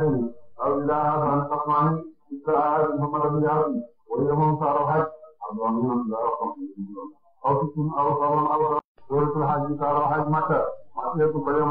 أولى من تصنع إسرائيل محمد بن عبد ويوم صار حج أربعين من أو ست أو سبع أو ورث الحج صار حج مكة مكة تبين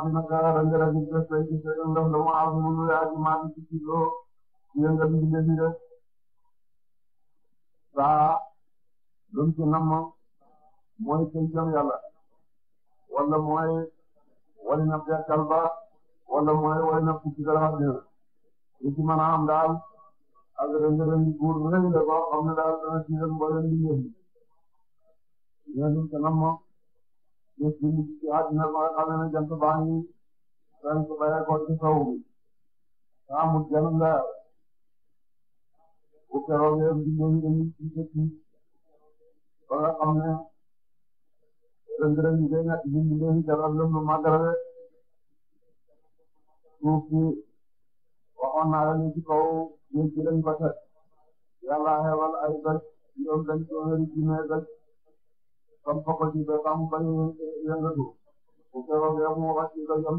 azima gara rangara bi jot lay gis rek ndox la mu azima lu yaatu maa ngi ci kilo yëngal bi def def saa lu mu ci namm mooy kay jëm yàlla wala mooy wali na fi kalba wala mooy wali na fi ci dara dina lu ci mën a am daal ak rangara bi guur rëy la boo bis bi mujj ci àddina ba nga xam ne jant baa ngi rënk bàyyi ko ci sow bi saa mu jëm leer bu keroog yëpp di ñëw dañuy gisee ci ba nga xam ne rëng-rëng yi day nekk bind leen jaral lëm lu màggarale suuf si waxoon naa la ni ci kaw ñun ci lañ ko teg yàlla xewal ay bés ñoom dañ ko wéri ci mee bés comme fokk ji ba ba mu bañ yëngatu bu fekkoo ne mu wax ci ba yem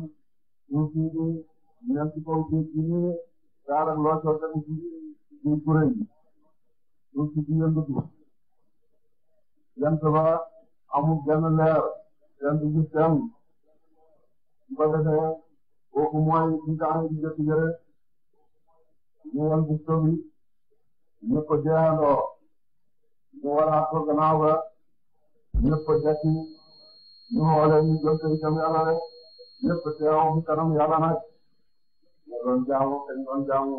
ñu ci di ñem ci kaw géej gi nii daal ak loo soog tamit ci géej gu rëy ñu ci di yëngatu jant ba amul benn leer jant bi seen bu ko defee kooku mooy ñu taxaw di jot yëre ñu wan gis ko bi ñu ko jeexandoo mu waraat ko gannaaw ba ñëpp dekk ñu xoolee ñu jël seen jëm yàlla rek ñëpp teew ci kanam yàlla nag ñu doon jaamu te ñu doon jaamu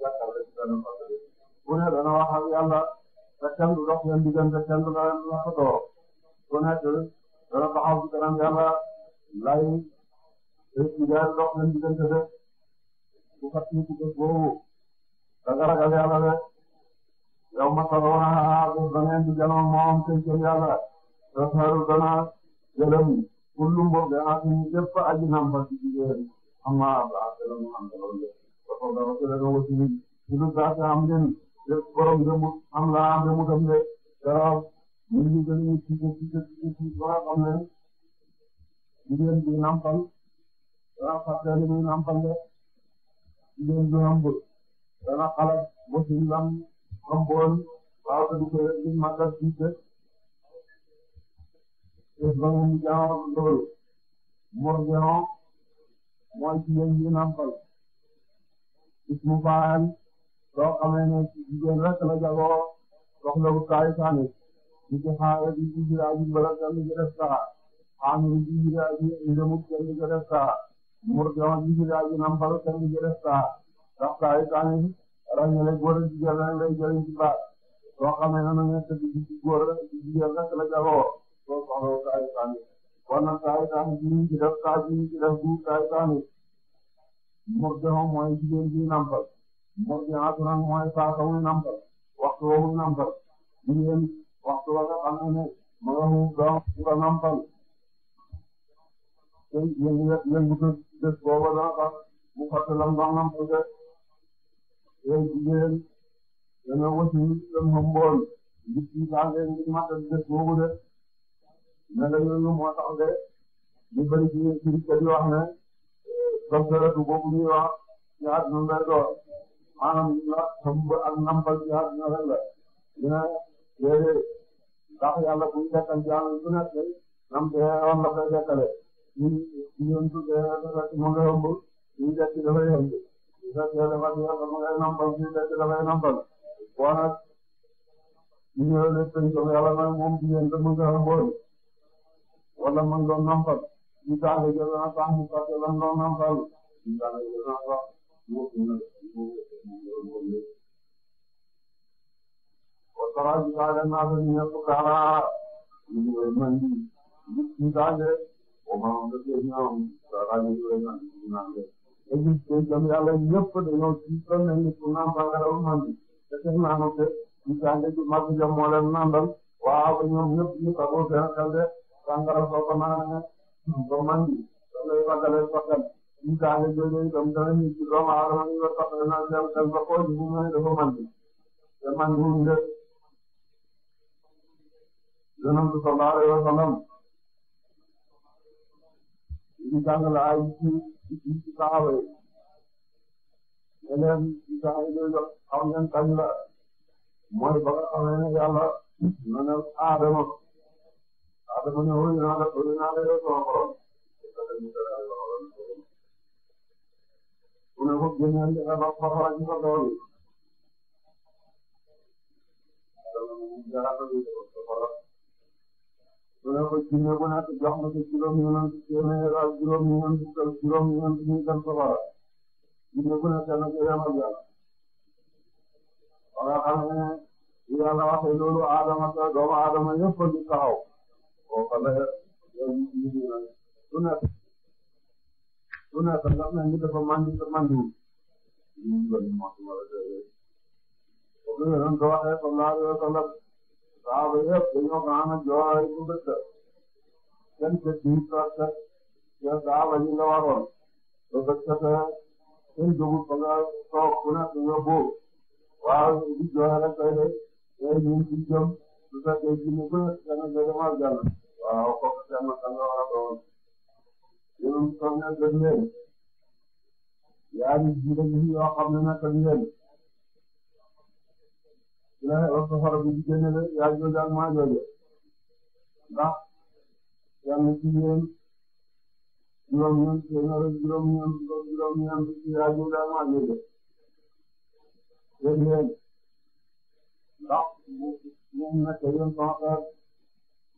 yàlla rek ku ne dana wax ak yàlla te kenn du dox seen diggante kenn du la leen laxatoo ku nekk dana taxaw ci kanam yàlla lay ci leer dox seen diggante de bu fat ci ci bés boobu danga ragal yàlla rek yow masaloona a ah, bés ba ngeen di janoon moom seen jëm yàlla Sassarou dana gërëm kullum boog danaa fi lépp aji naam fàttali ci biir amma abdoulaye mu am dara lu ko dara su leen wëccu bi ñu dul saa si am leen lépp borom dem am laa am demu dem de dara ñu ngi gën ñu ci ci ci ci ba xam ne jigéen bi nampal dana fàttali muy nampal de jigéen bi am dana xalaat wëccu lam am bool waaw te du ko yëg ci màggal ci Ibrahim Diaw Ndoi Mor Diaw mooy jigéen ji nampal ismu faal soo xamee ne jigéen rek la jagoo soxla bu kaay saani ñu ci xaaral di ji laa ji bala kenn du def saa xaaral di ji laa ji ndemu kenn du def saa Mor Diaw ji laa ji nampal kenn du def saa ndax kaay saani ràññale góor jigéen rek lay jëriñ ci baat soo xamee ne nag góor jigéen rek la jagoo. boo ko xoolee saa yu saami kon nag saa yu saami bi ñu ci def saa bi ñu ci def bu saa yu saami murdi'u mooy jigéen bi nampal murdi'atun mooy faata muy nampal waxtu woowu nampal jigéen waxtu wa nga xam ne ma nga mu doom bu ko nampal te yëngu yëngu bés boobu dana tax mu fàtte lam doon nampal de yooyu jigéen dana wëcc lu mu mbool nit yi daa leen di matal bés boobu de. nee na yooyu moo tax nga ñu bëri ci ci di wax ne docteur boobu ñuy wax jihaad moom lay door maanaam jihaad sëmb ak nampal jihaad ñoo leen la ñu ne yooyu ndax yàlla bu ñu dekkal jaam yi bu nekk nam te woon la koy dekkale ñu ñun su dee rek mu ngi yomb ñu dekk dafay yomb su fekkee dafa di yàlla mu ngay nampal ñu dekk dafay nampal waaye nag ñu ñëw lépp yàlla nag moom jigéen te mu ngi yomb wala man doon nampal ñu saa la jël naa saa mu saa la doon nampal ñu saa la jël naa saa mu na mu mu mu wasara bi saa la naa la ñu nekk kaara ñu ngi lay mën di ñu saa la wa ma ma dëkk ñoom saa la ñu lay mën di naan la te gis nga jëm yàlla ñëpp dañoo ci toll nañu pour nampal la lu mën di te teg naa ko te ñu saa la ci mag jëm moo leen nandal waaw ñoom ñëpp ñu tagoo seen xel de sangara soo ko mën ba man lay fàttali fàttali ñu daal di jógee itam tamit doomu aadama ñu doon fàttali naan dem dem ba koo ji bu mu ne dafa man te man ñu ngi yonent bi sallallahu alayhi wa sallam ñu jàngale ay ci ci saxaaba yi ne leen ci saxaaba yi doon xam ngeen kañ la mooy ba nga xamee ne yàlla na ne aadama dafa ñëw ñu naan la ñu naan la yow sama borom. mu ne ko génneel li nga xam sax waa ji sax doon. mu ne ko jinne bu nekk jox ma ci juróom-ñeent téeméer ak juróom-ñeent ak juróom-ñeent ñu dem safara. jinne bu nekk kenn ku yemal yàlla. ba nga xam ne yàlla waxee loolu Adama sa doomu Adama yëpp a ngi taxaw. foofa la yow ñu ngi naan su nekk su nekk ndax nag ñu dafa màndi te màndiwul ñu ngi doon mos ma la déggee. foofu la doon ko waxee sallallahu alayhi wa sallam saaba yëpp dañoo ko am a jooy bu bët kenn te di traçait te saaba yi nga waroon ba bët te kenn jógul fa nga toog ku nekk nga boobu waaw di jooy rek kay de tey ñu ngi ci jëm su fekkee ji mu bëri dana gërëmal jàll. waaw kooku seen sang war a doon ñun toog na gën leen yaa ngi jiite nit yoo xam ne nag gën leen su la xew safara bi di génne de yaa jooju ak maa jooju ndax kenn ci yéen juróom ñeent téeméer ak juróom ñeent juróom ñeent yaa jooju ak maa jooju dégg ngeen ndax mu nekk yéen sama xeet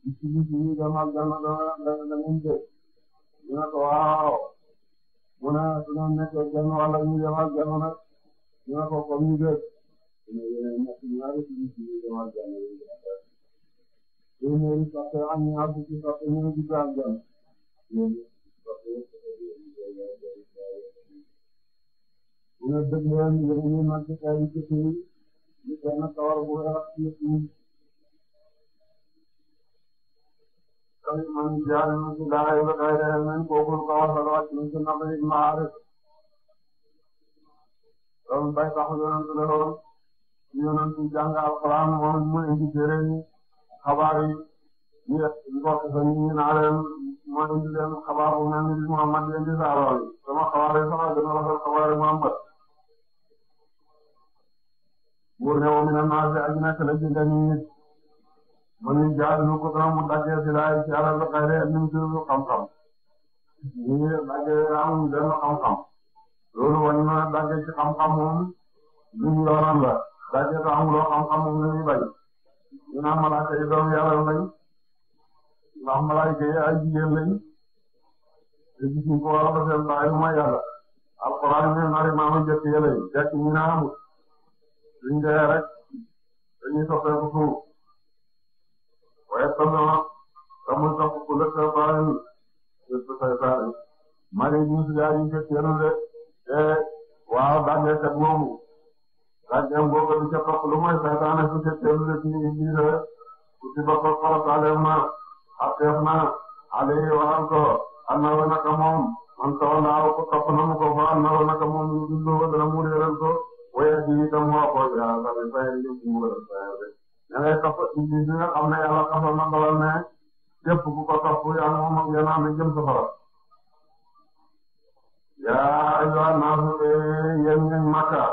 ci biir bi ñu demal dana dana dana dana ñu def ñu ne ko waaw mu ne su ñu nekkee kenn wala ñu demal kenn nag ñu ne ko comme ñu def ñu ne ñu ne ci biir bi ñu demal kenn ñu ne ko ñu ne ñu sax am ñu àgg ci sax ñu ne gis daal kenn ñu ne dëgg leen ñu ne ñu nag ci kay ci ci ñu kenn kawar bu rafet ci man jaar na ci daara ba kay reer men kooku ko waxal wàcc na ci naqar yi ma aar loolu bay tax yonent la woon yonent jàng alxuraan moom mu indi téere yi xabaar yi ñu bokk sa ñu naa leen moo indi leen xabaar bu mel ni Muhammad indi saarool sama xabaar yi sax gën a rafet xabaar yi Muhammad buur ne wa mina naasi ay nekk la ci nit mu ne jaaduñu ko dana mu daggee si laay si alal la xëy na ñu ngi xam-xam ñu daggee am benn xam-xam loolu wane na daggee ci xam-xam moom lu ñu yoonam la daggee te amuloo xam-xam moom la ñuy bay ñu naan malaaka yi doom yàlla lañ ndax malaaka yi ay jigéen lañ te gis ñu ko war a defee baay lu may yàlla alxuraan ñu ne nari maamu jëkk yële fekk ñu naan amul suñ dee rek dañuy soppeeku suuf. waaye xam nga wax amul sax ku nekk baal yi yëpp say saa yi man de ñu ngi si daal ñu fekk yéen a de te waaw gàncax gi moomu gàncax googu du ca topp lu mooy saytaane su fekk yéen a de ci biir ci boppam farataale ma affaire ma Aliou waxal ko am na woon naka moom man taw naaw ko topp na mu ko fa am na woon naka moom ñu dundoo dana mu réeral ko waaye ak yi itam moo ko jaaxal bi fay yëngu mu gën a fayal rek. da ngay topp li nga xam ne yàlla xamal na ne képp ku ko topp yàlla moom ak yéen a amee jëm safara. yaa ayyuhan naasu yéen ngeen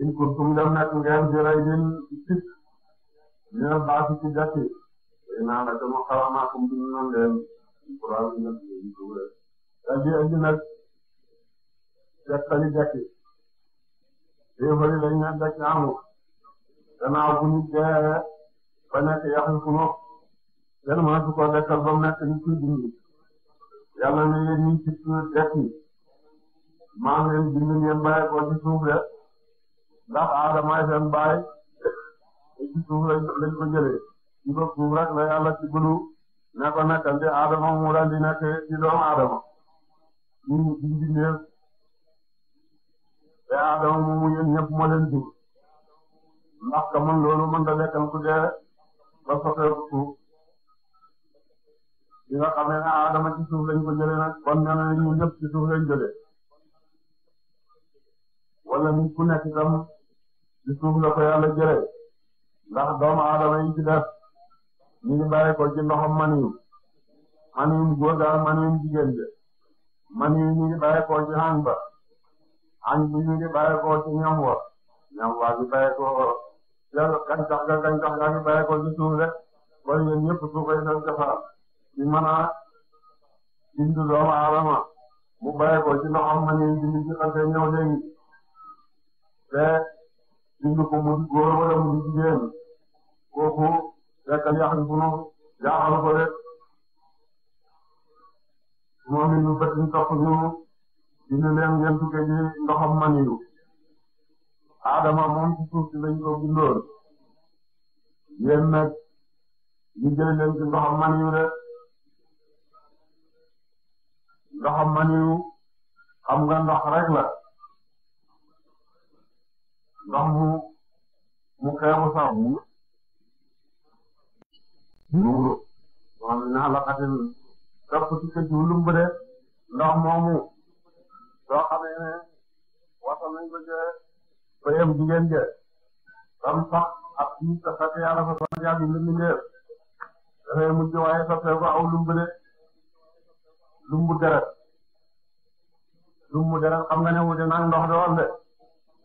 in kuntum dem ne baasi ci gàcce. tey naa la dama xaramaakum bi ñu naan leen. Quraan bi nag ñu ngi dugal. yaa ngi indi nag. gàttali gàcce. tey gannaaw bu nit dee ba nekk yàq yu sunu kenn mënatu ko dekkal ba mu nekk nit kuy dund yàlla ne yéen ñi ci suuf def yi maa ngi leen bind ngeen bàyyi ko ci suuf de ndax aadama ay seen bàyyi ci suuf lañ lañ ko jëlee ci ko suuf rek la yàlla ci bëlu ne ko nekkal di aadama mu daal di nekk ci doomu aadama ñu ngi bindee te aadama moomu yéen ñëpp moo leen jur. ndax ka mën loolu mën da lekkal ku dee ba soppeeku suuf bi nga xam ne Adama ci suuf na ñu ñëpp ci suuf lañ wala nit ku nekk itam ci suuf la ko yàlla jëlee ndax doomu Adama yi ci def ñu ngi bàyyi ko ci ndoxam maniyu maniyu góor daal maniyu jigéen de maniyu bi ñu ngi bàyyi ko ci wa ñam waa ngi bàyyi ko yàlla gàncax ga gàncax ga ñu bàyyi ko ci suuf rek wala yéen ñëpp suufay seen cosaan ñu mën a bindu doomu aadama mu bàyyi ko ci loxoom ma ñuy bindu ci xante ñëw léegi te bindu ko mu di góor wala mu di jigéen kooku rek yàq bu nu yàqal ko rek moom it ñu bët ñu topp ñu bindu leen ngeen tukkee ci loxoom ma ñuy Adama moom ci suuf si lañ ko bindoon yéen nag ñu jël leen ci ndoxam maniw de ndoxam maniw xam nga ndox rek la ndox mu mu xeebu sax mu mu wax naa la xatin topp ci kër de ndox moomu soo xamee ne waxtaan nañ ko bëyeem jigéen je tam sax ak kii sax sax yàlla fa sax yaa ngi leen di leer dafay mujj waaye soppeeku aw lumb de lumbu deret lumbu deret xam nga ne wute nag ndox de woon de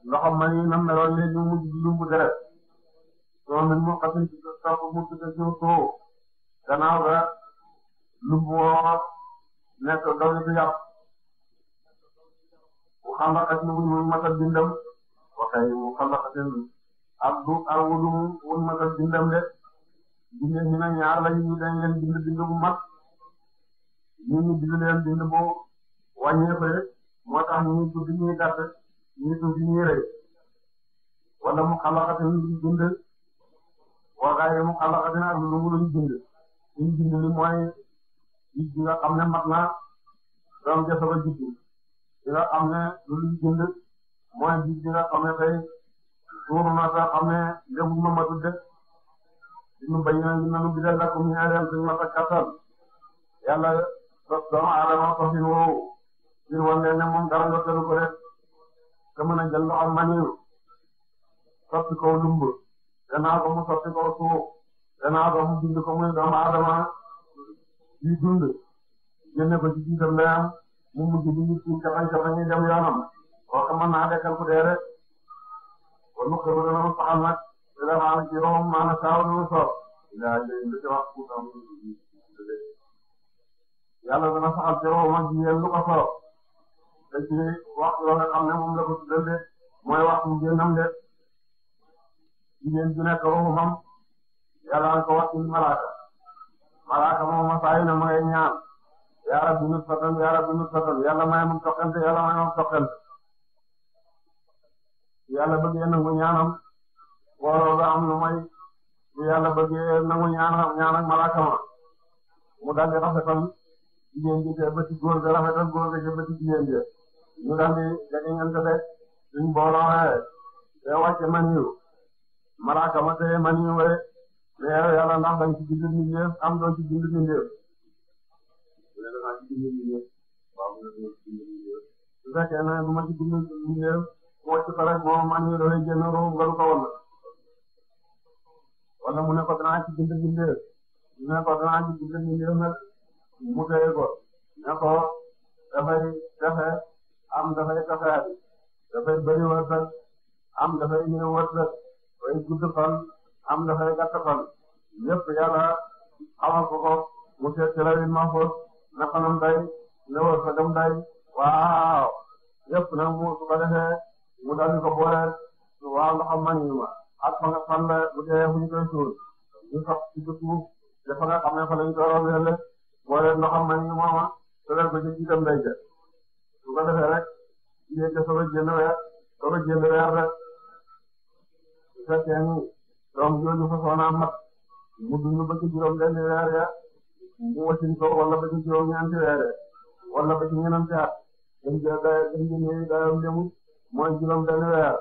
ndoxam man yi nam meloon léegi mu mujj lumbu deret soo mel mu xasin ci sopp mu tudde suuf soo gannaaw ga lumbu woo nekk doole bi yàpp bu xam nga xas mu muy matal bindam waxee mu xalaxatin ak du ak wudum wun ma dal bindam de binde ñu ne ñaar lañu ñu dañ leen bind bind bu mat ñu ñu bind leen bind bu wàññeeku rek moo tax ñu tuddi ñuy gàtt ñu tuddi ñuy rëy wala mu xalaxatin luñ bind waxee mu xalaxatin ak lu luñ bind luñ bind li mooy li nga xam ne mat na doom jafe ba juddu li nga xam ne lu luñ bind mooy gis bi nga xam suur na sax xam ne léegi mu matu dëkk suñu béy nañu nañu bideel la comme ñu ngi leen suñu matu kattan yàlla doomu aadama ko fi woowu fi mu wan leen ne moom dara nga tëru ko rek te mën a jël loxo maniw soppi ko lumb danaa ko mu soppi ko suuf danaa ko mu dund ko muy doomu aadama kooku mën naa dekkal ku dee rek kon mu mu saxal nag dina maanaam ci yow maanaam saawa nu mu soob yaa ngi leen di ku am yàlla dana saxal ci yow man ci lu ko soob te ci waxtu la nga xam ne moom la ko tuddal de mooy waxtu génnam de jigéen ju nekk ruuxam yàlla na ko wax ci malaaka malaaka moom masaayi na ma ngay ñaan yaa rabbi nutfatan yaa rabbi nutfatan yàlla may ma toqante yàlla may ma toqante yàlla bëggee nangu ñaanam booloo ba am lu may bu yàlla bëggee nangu ñaanam ñaan ak malaaka ma mu daldi rafetal jigéen ji te ba ci góor ga rafetal góor ga te ba ci jigéen ji ñu daldi jegeñante de suñ booloo xee te wàcce man yu malaaka ma te man yu we mais yow yàlla ndax dañ ci bind nit ñëpp am doo ci bind nit ñëpp su fekkee ne du ma ci bind nit ñëpp wàcc ko rek moom man mii dafay génn ruum nga du ko wall wala mu ne ko danaa ci bind bindee mu ne ko danaa ci bind bindee nag mu téye ko ne ko dafay tefe am dafay tefeat dafay bëri wërsëg am dafay ñëw wërsëg dafay gudd fan am dafay gàtt fan lépp yàlla xamal ko ko mu seet ci lawin ma fos na fanam day ne wërsëgam day waaw yëpp nag mu su ko defee mu daal di ko booleel waaw loxo màññi ma ak fa nga xam ne bu dee fu ñu koy suul ñu sax ci suuf te fa nga xam ne fa lañ koy roobeel la booleel loxo màññi ma ma te daal ko jëm ci dem day jël su ko defee rek yéeg a soog a jënd weer soog a jënd weer rek su fekkee ni doom jooju fa soona mat mu dund ba ci juróom benn weer ya mu wasin ko wala ba ci juróom ñeenti weer ya wala ba ci ñeneen at dañ koy dañ koy ñëw daawam demul. mooy juróom benn weer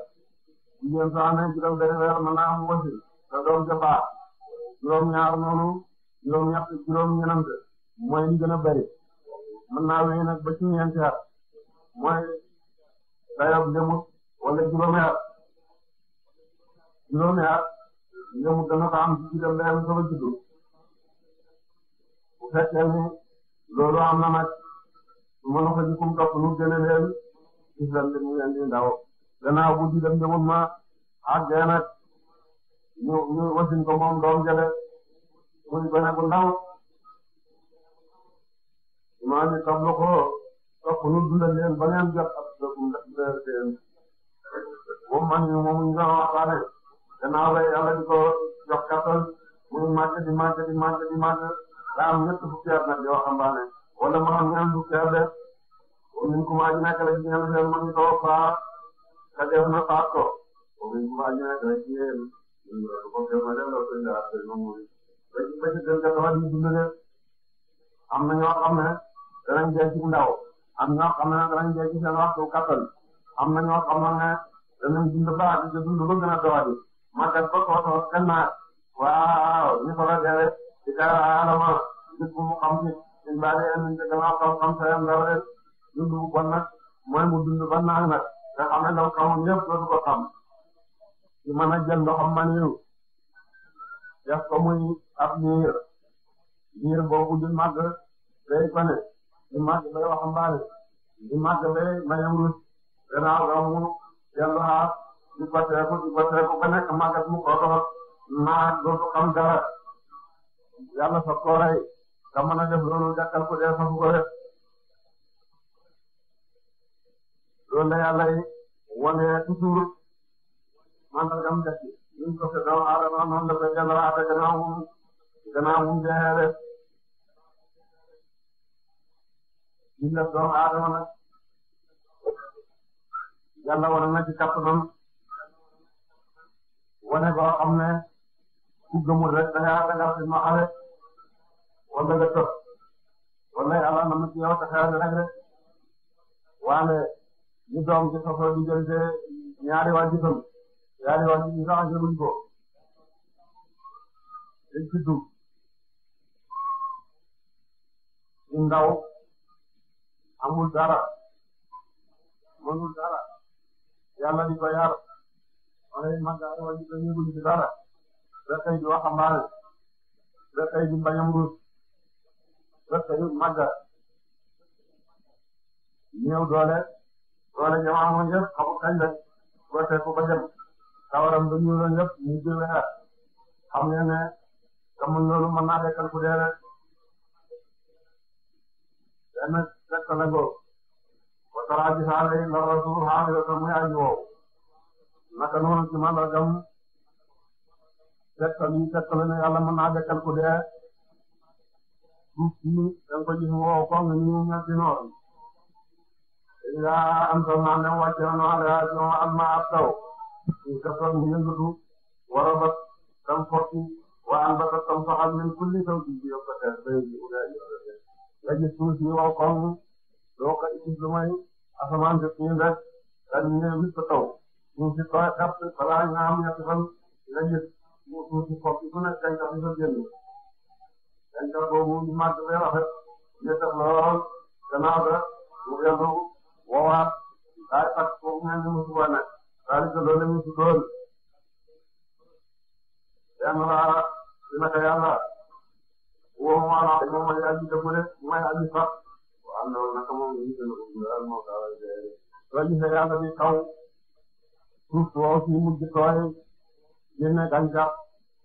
jigéen soo amee juróom benn weer mën naa am wasi te doom ja baax juróom ñaar noonu juróom ñett juróom ñenant mooy li gën a bari mën naa wéy nag ba ci ñeenti at mooy dayob njëmut wala juróomi at juróomi at njëmut dana ko am ci dem dayam soo juddu bu fekkee ni loolu am na nag su ma la ko jikum topp lu gën a leen tiflal li mu leen di ndaw gannaaw bu di dem demul ma àggee nag ñu ñu wasin ko moom doom jële muy gone bu ndaw maa ngi tablu ko topp nu dundal leen ba ngeen jot ak dundal leen moom man ñu moom ñu doon waxtaane gannaaw la yàlla di ko jox kattan muy màcc di màcc di màcc di màcc daa am ñett fukki at nag yoo xam wala ma am ñeent fukki at de ومن كم أجنك لكي من توفى قد يفنى طاقته ومن كم أجنك لكي وكما مدى لو كنت أعطي المؤمن لكي بشي تلك تغني جملة أما يوقعنا danañ denc ndaw am ñoo xam ne danañ denc seen waxtu kattan am na ñoo xam ne danañ dund baax di dund ba gën a doole magal ba kooku kenn naa waaw ñu ko la deewee di ko alama gis mu xam ci suñ baale yéen ñu ngi gën a xam xam sa yam ndaw rek dund bu bon nag mooy mu dund ba naan nag nga xam ne ndaw xamam yëpp dootu ko xam ci mën a jël ndoxam maniw def ko muy ab niir niir boobu di màgg day kone di màgg day waxambaane di màgg day mayam rus gannaaw ga mu dellu xaar di ko teeku di ko teeku ba nekk màggat mu ko doon naat dootu xam dara yàlla sa kooray nga mën a def loolu jàkkal ko dee sa fu ko def loolu la yàlla wane toujours mandargam dëkk bi ñu ko fekk doomu aadama noonu la koy jàllale aata gannaaw mu gannaaw mu jeexee rek ñu def doomu aadama nag yàlla wane na ci kàttanam wane boo xam ne ku gëmul rek da ngaa da ngaa fi ma xale wala nga tëb wala yàlla na ma ci yow te xeer rek rek waale. ñu doom ci soxla diggante ñaari wàcc itam ñaari wàcc ñu sax jëluñ ko dañ ci dugg ci ndaw amul dara mënul dara yàlla di ko yar wala yi mag ñaari wàcc itam yëguñ ci dara rek ay di waxambaane rek ay di mbañam ruus rek ay màgg néew doole loole jamono moom yëpp xamul kañ la góoteeku ba jëm xam ngeen ne xamul loolu mën naa lekkal ku dee rek benn lekk la góob ba taraa ci saa lay lor la suuf xaaral yoo xam ne yaa ngi wow naka noonu ci man la ne yàlla mën naa lekkal ku dee suuf si da nga ko gis mu wow noor. yaa am sax naa ne wàcce na ala ñoo am ma ab taw ñu gasal ñu yëngatu war a bas tam forti waa am ba sax tam saxal min kulli taw bi yëpp a teel béy bi oubien yëpp nga gis suuf si waaw koŋŋ doo ko gis lu may asamaan si suñu def daal ñu ne wis ko taw ñu si tooy kàpp balaa ñu am ñetti fan nga gis mu suuf si forti ku nekk gàncax gi nga génn gàncax boobu ñu màgg ba rafet ñu def lool gannaaw ba mu yëngu. woowaat daal di fàttali foofu ñu ngi mucc woon nag daal di gënoon a mucc lool yàlla naa li ma koy yàlla woo ma la moom mooy mooy aji fàq waaw loolu moom ñu ngi gën a ubbi moo ko waral jërëjëf. soo gisee yàlla bi taw suuf soo si mujj tooy génne gàncax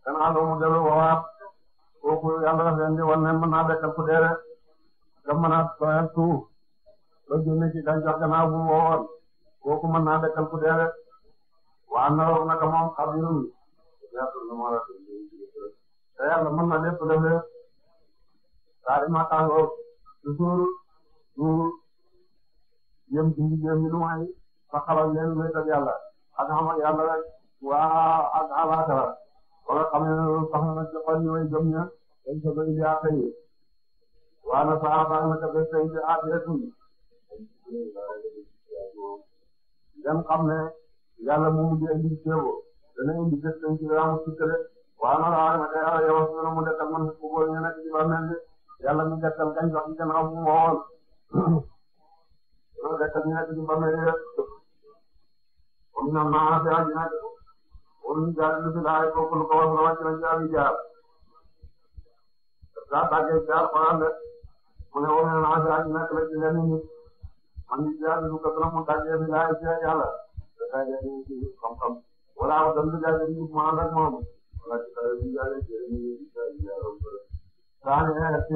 gannaaw la mu dellu woowaat kooku yàlla daf leen di wan ne mën ku dee rek nga mën suuf. ba génne ci gàncax gannaaw bu mu woowoon kooku mën naa dekkal ku dee rek waa naroon naka moom xabirun te yàlla mën na lépp lépp saa ma tàngoor toujours ñu yem ci liggéeyam bi lu may fa xamal leen lu wéetal yàlla ak xam ak yàlla rek waa ak alaakara wala xam ne loolu sax na ci xol yi way jëm ña dañ ko doy yaakaar yi waa na saa baal na ko bés tey jii àgg ngeen xam ne yàlla mu mujj indi ceebo dana indi bés dañ ci yàlla mu sukkale waaw man waaye nag yàlla yow su mu nekk ak man ku góor ñu nekk ci ba mel ni yàlla mi gàttal gañ wax ci gannaaw bu mu waxoon loolu gàttal ñu nekk ci ba mel ni comme na maa fi àgg nag wala jaay lu fi laay kooku lu ko war a wàcc na jaar yi jaar daa tàggee jaar xoolal de mu ne wala naa fi àgg nag la ci lenn nit. man mii jaajëf lu ko doon mu tàggee bi laay ci yàlla dafa jaajëf ci xam-xam wala wala lu jaajëf ñu mu ànd ak moom wala ci kare bi jaajëf ci ñu ci yàlla bu bëri. saa ne ci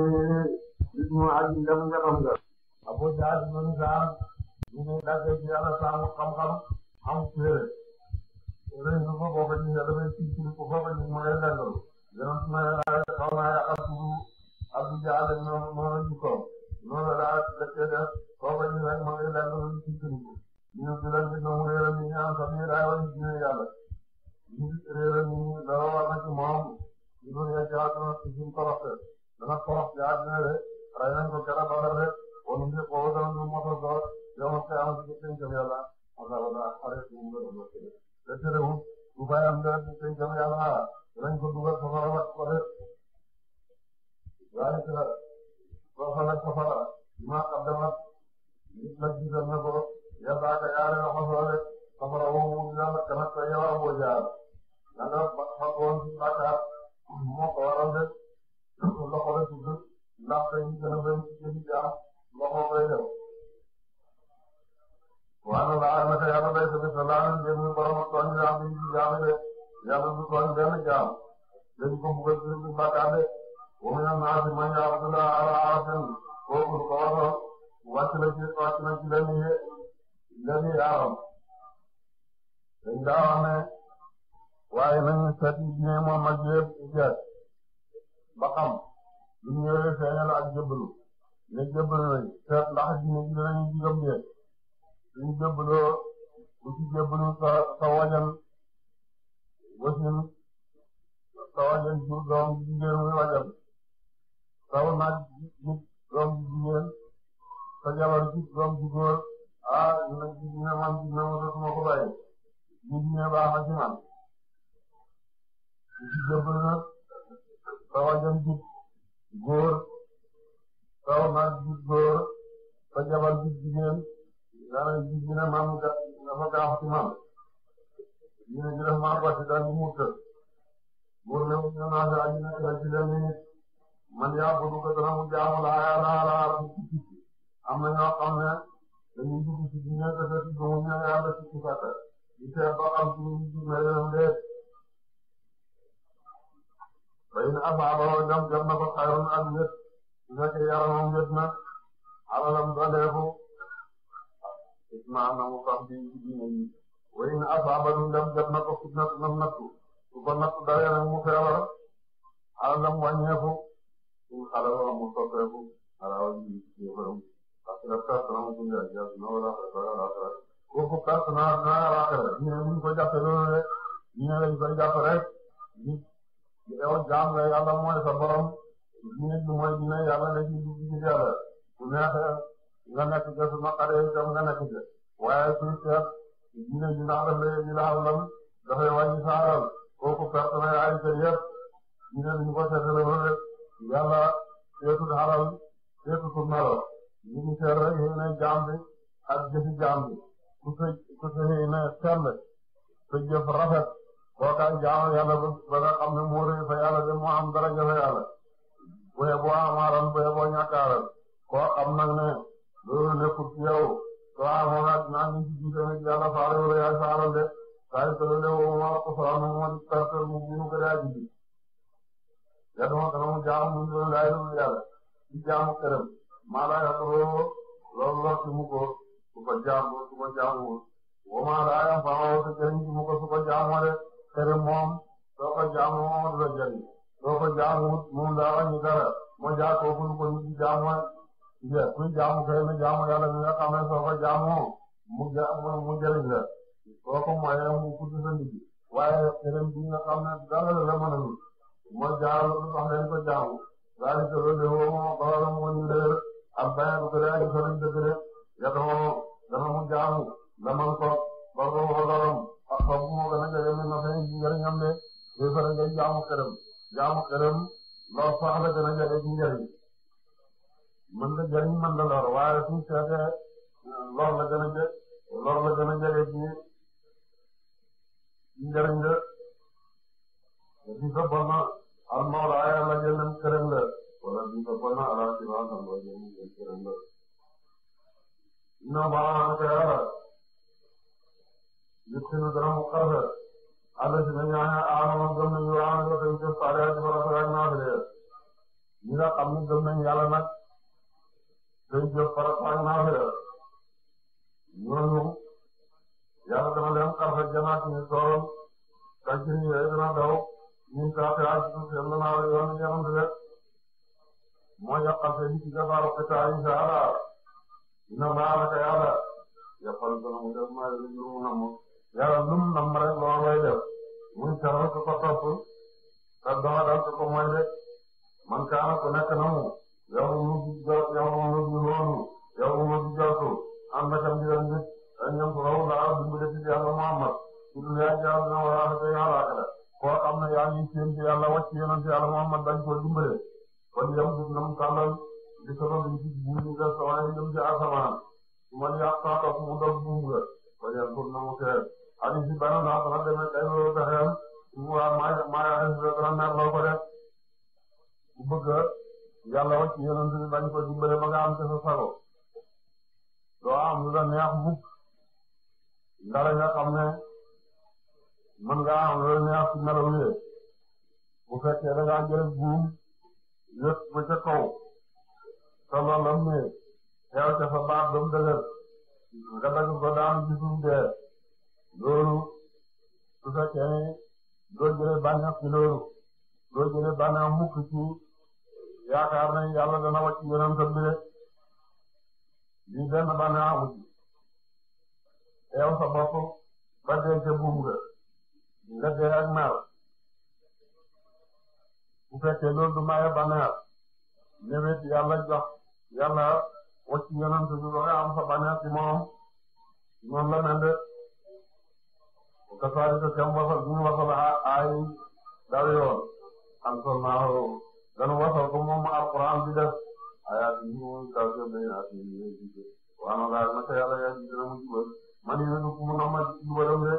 nit mu àgg ndem njabam nga. abu jaajëf man jaam ñu ngi tàggee ci yàlla saa mu xam-xam am téere téere ñu ko bokk ci yàlla dafay ci ci ko bokk ci mu leen dàngal. yéen a ngi may xaw naa yàqal suuf abu jaajëf ñoom ñoo ñu ko. noonu laa dëkkee def kooku ñu nag ma ngi leen di ci kër gi. ñu ngi leen di ñoom réeram yi ñu am sax ñu daa war a jiw yàlla. ñu réeram yi dara war na ci moom ñu doon yaa jaatuma ci suñu toroxte dana torox ci àddina de rey nañ ko keroog badar rek wala mu ko wutal du mot a door yow ma koy am ci pencam yàlla wala wala xarit bu mu doon doon kër. te terewul bu bàyyi am dara ci pencam yàlla danañ ko dugal safara wax ko de waaye ci la. soo ko nag safara maa xam dama nit nag gisal na ko yàlla ak yaare la ko soxla safara woowu mu yàlla kanam sa yow amoo jaar da nga ba xamoon ci bàkkaar moo ko waral rek loxo la tudd ndax dañuy gën a bëri ci li jaar loxo koy def. waaw laa naka yàlla day def sa laa leen jënd borom ak tooñ jaam bi ñu jaam de yàlla du tooñ benn jaam dañ ko bëgg a bàkkaar de. wa mina naasi man ya'budu alaa arshin kooku ko waral wàcc na ci wàcc na ci lenn yi lenn yi aaram dañ daa wax ne waaye nañu seet yi diine moom ak yëpp jeex ba xam lu ñëwee feeñal ak jëbbalu ne jëbbalu nañ seet ndax diine ji dinañu ci gëm jeex suñu jëbbaloo ku ci jëbbalu sa sa wajan wasin sa wajan jur doom jigéen muy wajan taw naaj bi doom ji jigéen sa jabar ji doom ji góor ah man ji ne man ji ne ma dootuma ko bàyyi ji ne baax na ci man ji jëbbal na sa wajam ji góor taw naaj ji góor sa jabar ji jigéen daanaka ji ne man dafa gaax ci man ji ne ji dafa maa bàcc daal di muur kër góor ne mu ne naa ne aji na ci leen minute man yaa bëgg ko dana mu jaamu laa yàlla laal am na ñoo xam ne dañuy dugg ci diine te fekk gëmu ñu ne yàlla ci sifata di seet ba xam ci ñu ci meleen déet bayin asaaboo jam jam na ko xayrun ak njët su fekkee yaramam njët na alalam doleefu ismaam na mu xam ci diine yi wayin asaaba du jam jam na ko fitna nam nattu su ko nattu daree nag mu feebar alalam wàññeefu pour Allahu mu soppeeku Allahu ñu yëngu parce que personne bu ñu la jël na wala wala wala kooku personne naa la xeex ñu ne ñu ko jàppee loolu rek ñu ne lañ koy jàpp rek ñu yow jaam nga yàlla mooy sa borom ñu ne ñu mooy dina yàlla la ci ci yàlla bu neexee nga nekk jëf ma xale yi tam nga nekk jëf waaye suñu seet ñu ne ñu ndax daf lay ñu la xamlam dafay wàññi sa alal kooku personne ay yëpp ñu ne ñu ko seetee loolu rek. yàlla seetul xaral seetul ko melo ñu ngi seet rek xëy na jaam bi ak jëfi jaam bi ku sa ku sa xëy na sell sa jëf rafet kookaay jaamu yàlla ba nga xam ne mu rëy fa yàlla de moo am daraja fa yàlla buye boo amaaral buye boo ñàkkaaral koo xam nag ne loolu nekkul ci yow soo amoon ak naa ngi ci jiite nag yàlla faale wala yaay saaral de saa yu tëralee woo ma ko soxla mu ma di perte mu gënu gëdaa jibi yàlla moom dana mu jaamu mu doon laay doon yàlla ci jaamu këram maanaam yàlla looloo loolu la ci mu ko su ko jaamu su ko jaamuwul wa maanaam yàlla faaw te jëriñ ci mu ko su ko jaamoo de këram moom soo ko jaamu moom du la jëriñ soo ko jaamuwul moom daa wàññi dara moo jaa ko fu ko nit jaamu ja kuy jaamu kay na jaamu yàlla mi nga xam ne soo ko jaamoo mu ja mu jëriñ la soo ko moyee mu kutu sa nit waaye këram bi nga xam ne dara la mën a mooy jaamu lu tax ko jaamu daal di seetlu ne moom xawaram moo ñu leer ak bayat bi daal di seetlu dëgg de yàlla moom dana mu jaamu lamal ko war ko xawaram ak xaw ma gën a jege ne ma fay njëriñam de day faral ngay jaamu xërëm jaamu xërëm lor sax la gën a jege ci njëriñ mën la jëriñ mën la lor waaye suñ seetee lor la gën a jë lor la gën a jege te di ko bon al Maodo yàlla jëndam këram la wala di ko bon ala si waaw xam nga jëndam këram la. inna baaraama ca yàlla yëkkënu dara mu xarala àll ci la ñu ànd aadama gëm nañu waaw nga koy jëf àll ci wala fa ak naafile ñi nga xam ne gëm nañu yàlla nag koy jëf farata ak naafile ñooñu yàlla dama leen xarala janaat ñu sooroon kàcc nañu yàlla dana daw. ñun saa fi àgg si yàlla naa war a yoon bi yàlla na mooy yaqal sa nit yi dafa rafet sa ay sa ala dina baal ak yàlla yaqal sa mu def maa yële ñu mu namm yàlla lu mu namm rek loolu lay def muy sàrra ko ko topp te dama dal ko ko mooy de man kaana ko nekk na mu yow mu ja yow mu ji loolu yow mu ji jaasu ànd ak am di leen nit ak ñoom ko loolu laa dugg ci yàlla Muhammad ci lu yaa jaar na wala ak yàlla ak la. koo xam ne yaa ngi seen ci yàlla wàcc yonent yàlla Muhammad dañ ko dimbale kon yam dug nam kàllal di sabab yi ci buum nga soxla yi dem ci asamaan su man yaa xaaxaf mu dog buum nga kon yam dug namu teer hadis bi bana naa dana demee kay loolu pexeem mu waa maay maay hadis dana mer loo ko def bu bëgg yàlla wàcc yonent bi dañ ko dimbale ba nga am te sa sago doo am lu la neex mukk dara nga xam ne mën ngaa am loolu neex ci bu fekkee da ngaa jël buum yëpp ba ca kaw sa loolam ne teew nga dagg ko daanu ci loolu su fekkee ne doo jëlee bànneex ci loolu doo jëlee bànneex mukk ci yaakaar nañ yàlla dana wàcc yeneen sa bile lii benn bànneex amu ci teew sa bopp ba buum nga nga dee ak mar bu fekkee loolu du maye bànneex nawet yàlla jox yàlla wàcc yonent bi ba nga am sa bànneex ci moom la mel de kasaalika kam wasal bu ñu wasal ay daw yoon am sol naa danu wasal ko moom bi def ayaat yi mu kaw seen benn at yi ñu ngi jiite waaw nag yàlla yaa jiite na mu jubal man yéen a ko mun a mën jubalam de.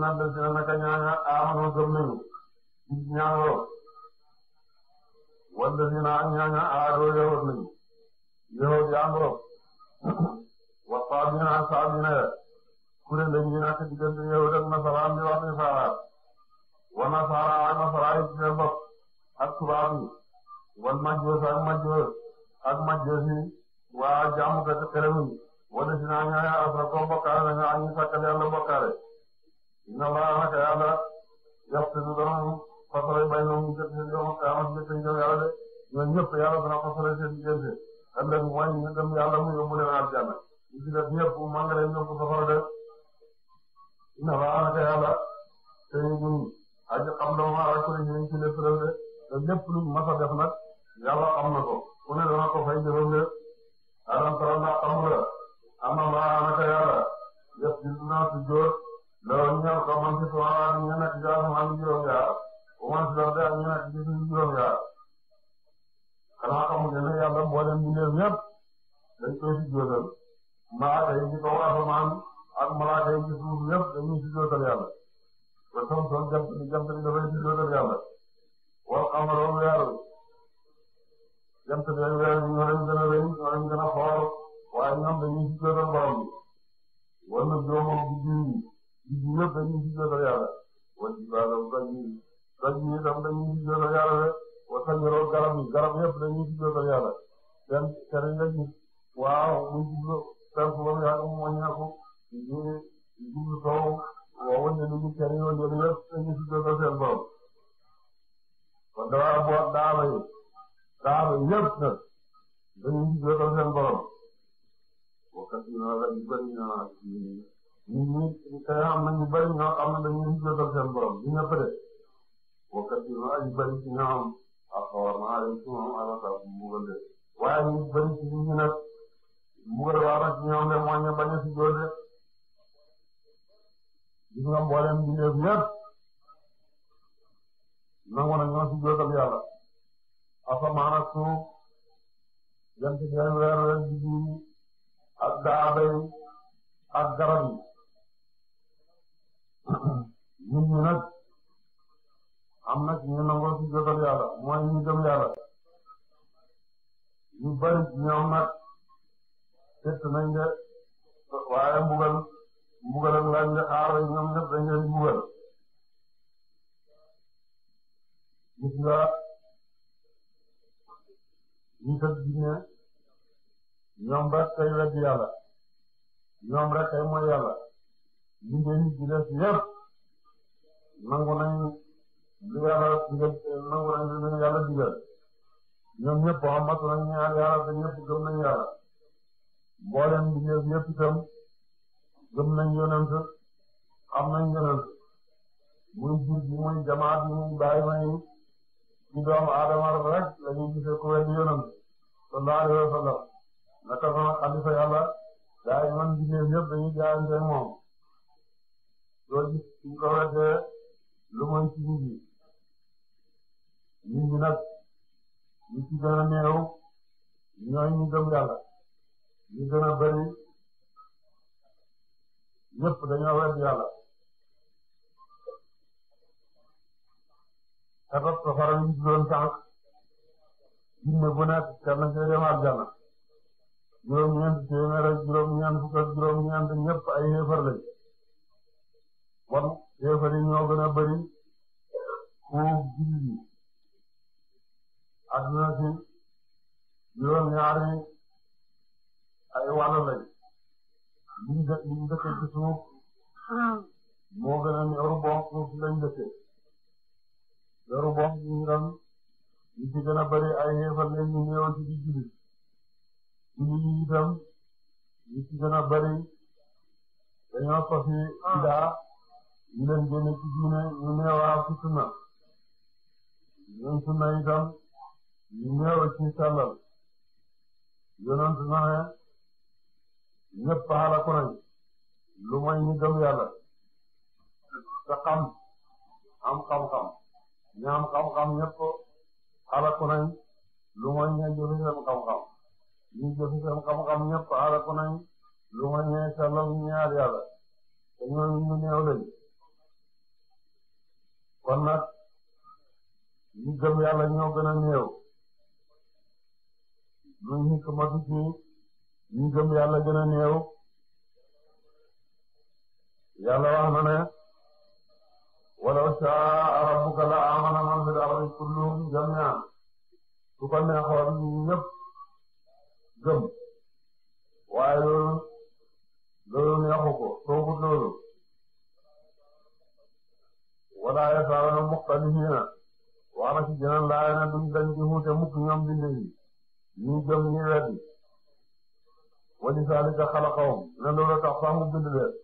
na des na naka ñaaxa amanoo gëm nañu gis ñaaxoo wala des na ak ñaaxa aadoo yahood nañu yahood yaa ngorob wa saabina saabina ya kuréel la ñuy naata diggante yahood ak nasaraan bi wax ne saaraat wa nasara ak nasara yi ci seen bopp ak tubaab yi wal majjoos ak majjoos ak majjoos yi waa jaamu kat xeremu yi wala des na ñaaxa asra ko bokkaale na nga añu sàkkal yàlla bokkaale inna allah naka yàlla yaxtinu dana fasale bay noonu jëf seen yoonu kaamam jëf seen yoonu yàlla de ñoom ñëpp yàlla dana fasale seen diggante ëllëg mooy ñu gëm yàlla mu yóbbu leen aljanna ñu ci def ñëpp man nga leen yóbbu safara de inna allah naka yàlla te ñu aji xam dama maa ràcc nañ ñu ci lépp lépp de te lépp lu mas a def nag yàlla xam na ko ku ne dana ko fay jëfam de alam tara na xam nga amma maa naka yàlla yëpp dina si jóor loolu ñëw ko man ci suwaraat ñu nekk ci asamaan juróom-ñaar man ci dara daal ñu nekk ci juróom-ñaar xanaa xamuñu ne yàlla mboolem mbindeef ñëpp dañ koy ci jootal malaaka yi ci kaw asamaan ak malaaka yi ci suuf ñëpp dañuy ci jootal yàlla ba soom soom jant bi jant bi dafay ci jootal yàlla wal qamar wal weer jant bi ak weer bi ñoo leen gën a rëy ñoo leen gën a xool waaye ñoom dañuy ci jootal borom bi wala juróom-ñi. yëpp dañuy digloo yàlla wala jibaalo doj yi doj yi itam dañuy digloo yàlla rek wala sañaroo garab yi garab yëpp dañuy digloo yàlla seen seen lañu waaw muy digloo seen suba yàlla moo ñàkk ñu diglu soow waaw wala ñu ngi seen yoon yëpp dañuy digloo seen borom kon damaa boog daaba yi daaba yëpp nag dañuy digloo ñun ñii te am na ñu bëri ñoo xam ne dañuy jëndal seen borom ñu ñëpp de boo kat yu ay bëri ci ñoom ak war naa leen ci moom ala taw bi mu de waaye ñu bëri ci ñu nag mu ngi war a ci ñoom de mooy ñu bañ a si jóol de gis nga mboolem bindee bi yëpp nangu na ñoo si jóotal yàlla asamaan ak suuf jant bi weer weer bi ak daa bay ak garab yi nit ñi nag am na ñu nangoo ci jotal yàlla mooy ñu gëm yàlla ñu bari nag tëtt nañ waaye mbugal mbugal ak laaj nga xaar ñoom ñëpp dañ leen mbugal gis nga ñu tëdd ne ñoom rek kay wedd yàlla ñoom rek kay mooy yàlla bindee ci yëpp nangu nañu li yàlla digal nangu nañu li yàlla digal ñoom ñëpp xamatu nañu ñaan yàlla te ñëpp gëm nañu yàlla mboolem bindee yëpp itam gëm nañu yonent am nañu yonent muy jiw bi muy jamaat bi muy bàyyi may ci doomu aadama rek la ñuy gisee ku wéddi yonent sallallahu wa sallam naka sama xalifa yàlla daa iman bindee yëpp dañuy jaayante moom loolu gis suñ ko weddee lu mooy ci nit ñi nit ñi nag gën a néew ñooy ñu gëm yàlla ñi gën a bari ñëpp dañoo wedd yàlla sabab safara yi ci doon tànk jinne bu nekk kenn ci dem aljanna juróom-ñeent téeméer ak juróom-ñeent fukk ak juróom-ñeent ñëpp ay xéefar lañ wala yéefar yi ñoo gën a bëri fuuf jullit yi adduna si juróom-ñaari ay wàll lañ liñ dë liñ dëkkee ci suuf moo gën a ñoru bon suuf lañ dëkkee ñoru bon ñu doon ñu ci gën a bëri ay yéefar lañ ñu néew ci di jullit jullit yi itam ñu ci gën a bëri dañoo sos yi ñu leen génne ci diine ñu néewaaw ci sunna ñun sunna itam ñu néew ci sellal yonent na ne ñëpp xalaku nañ lu mooy ñu am xam-xam ña am xam-xam ñëpp xalaku nañ lu mooy ñu jëfi seen xam-xam ñu jëfi seen xam-xam ñëpp xalaku nañ lu mooy ñu sellal ñaar kon nag ñi gëm yàlla ñoo gën a néew ñu ñi ko matu ci ñi gëm yàlla gën a néew yàlla wax na ne walaw sha'a rabbuka la amana man fil ardi kulluhum jami'an su ko neexoon ñëpp gëm waaye loolu loolu neexu ko soogut loolu wala yasaaruna muxtalifina wax na ci jeneen laay na duñ dañ di xuute mukk ñoom bindee yi ñuy gëm ñi weddi wali saalika xalaqahum ne loolu tax sax mu bind leen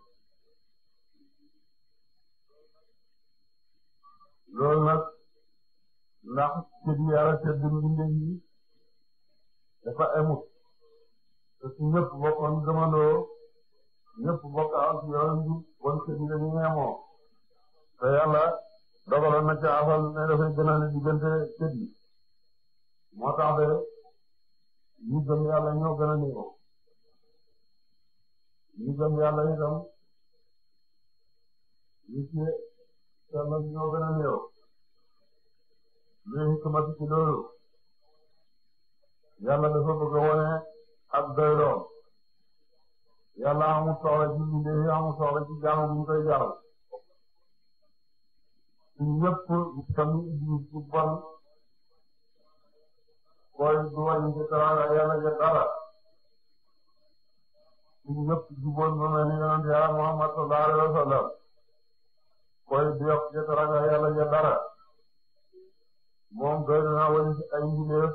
loolu nag ndax cëd yàlla cëdd bindee yi dafa emut te su ñëpp bokkoon gëmandoo ñëpp bokk ak yoon bi bon cëd yi dañuy yemoo te yàlla dogaloon na ci afal ne dafay gënale diggante kër yi moo tax de ñu gëm yàlla ñoo gën a néew ñu gëm yàlla itam ñu ci yàlla ñoo gën a néew mais hikmat ci loolu yàlla dafa bëgg a wone ak doyloom yàlla amul soxla ci mbindeef yi amul soxla ci jaamu bu ñu koy jaaral yëpp te mu iblis bu bon koy ci teraanga yàlla ja dara yëpp juboon ba mel ni yonent yàlla Muhammad sallallahu alayhi wa sallam koy du yokk ci teraanga yàlla ja moom doy na ay njileef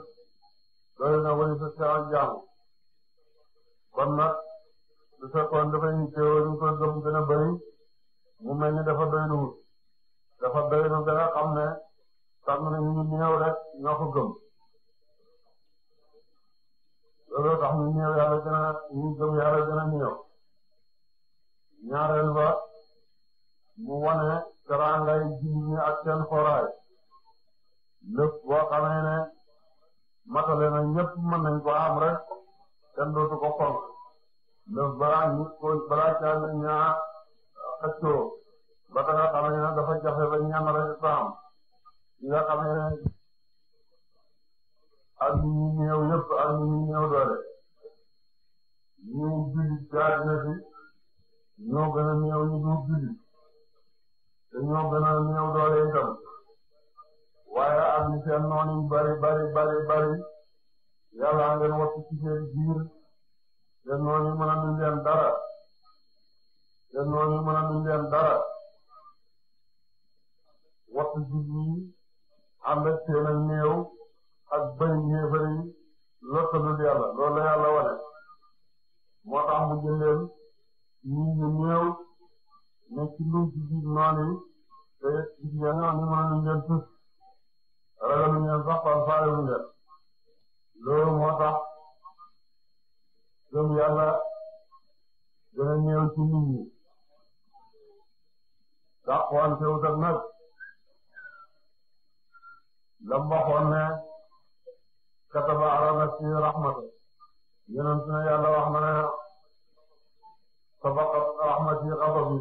doy na wali sa ci ak jàmm kon nag ñu teewoo ñu ko gën a bëri mu mel ni dafa dafa bëri lu gën a ne sàmm nañu ñu néew rek ñoo ko gëm loolu tax ñu néew ñu gëm yàlla ba mu wane teraangay jiw ñi ak seen xoraay lépp boo xamee matale na ñëpp mën nañ ko am rek kenn dootu ko fonk lépp balaa ñu ko balaa caa ñaa xëccoo. ba tax a xamee ne dafa jafe ba ñam rek saam ñi nga xamee ne ak ñi ñëw yëpp ak ñi ñëw doole ñu jullit gaa dina fi ñoo gën a ñëw ñu du jullit te ñoo gën a ñëw doole itam waaye ak ñi seen noon yi bari bari bari bari yàlla ngeen wattu ci seen biir mën a duñ dara seen noon mën a duñ dara wattu jullit ñi ànd ak seen ak néew ak bëri yéefar yi lottalul yàlla loolu la yàlla wane moo tax mu jëndeel ñii ñu néew ne ci lu ci biir noonu yi te yaa ngi am ni mën nañu leen tus ragaluñu leen sax par faaluñu leen loolu moo tax gëm yàlla gën a néew ci nit ñi dàqwante wu nag lam waxoon ne kataba ala nafsi rahmata yonent na yàlla wax na ne sabaqat rahmati ghadabi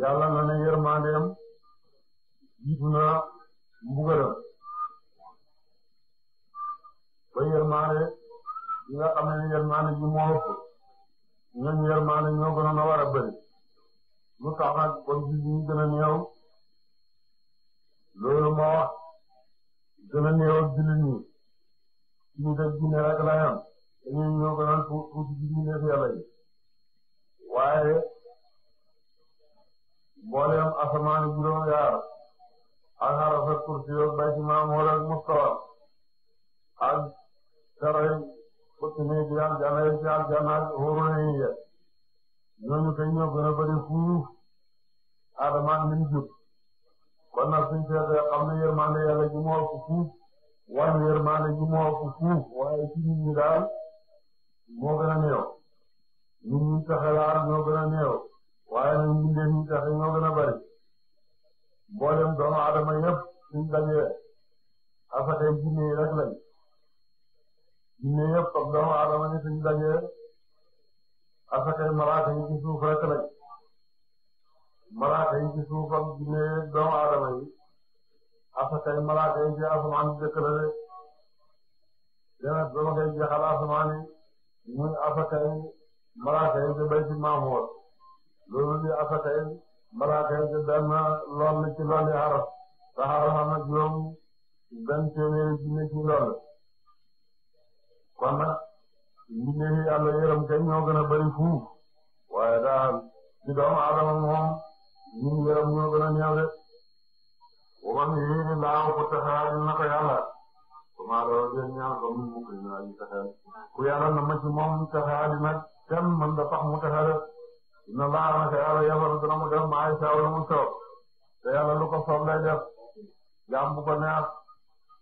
yàlla na ne yërmandeem jiitu na mbugalam ba yërmande yi nga xam ne yërmande ji moo ëpp ñoom yërmande ñoo gënoon a war a bëri lu tax nag bon ji ñu gën a néew loolu moo wax gën a néewal jullit ñi ñu def diine rek la ñu am dañuy ñëw ba naan pour pour diine yàlla waaye mboolem asamaan juróom-ñaar ak xarafa kursi ak bayti maamuur ak mustawa ak saray bëtt mi di aljanna yi ci aljanna ak wóorul yi ñooñu kay ñoo gën a bëri fuuf Adama ak li mu jub kon nag suñ seetee xam ne yërmande yàlla ji moo ëpp fuuf wan yërmande ji moo ëpp fuuf waaye ci nit ñi daal moo gën a néew nit ñi taxe laar ñoo gën a néew waaye nag mbindeef ñi taxe ñoo gën a bari mboolem doomu adama yëpp suñ dajee asakay jinne yi rek lañ jinne yëpp ak doomu adama yi suñ dajee asakay malaaka yi ci suuf rek lañ malaaka yi ci suuf ak jinne doomu aadama yi asakay malaaka yi ci asamaan yi dëkk la de dana dama koy jeexal asamaan yi muy asakay malaaka yi ci bayti maamuur loolu di asakay malaaka yi ci benn lool ci lool yi xaras te xaras am na juróom benn téeméeri jinne ci lool kon nag jinne yi Yàlla yërëm kay ñoo gën a bari fuuf waaye daal ci doomu aadama moom ñu ngi yërëm ñoo gën a ñaaw rek waman yii di laaw ko taxawaay na ko yàlla comment loolu day ñaaw ba muy mukk ñu naan ñu taxawaay ku yàlla na ma ci moom taxawaay di nag kenn mën da tax mu taxawaay rek dina laaw na ko yàlla yàlla dina mu def ma ay saa wala mu soob te yàlla lu ko soob lay def jaam bu ko neex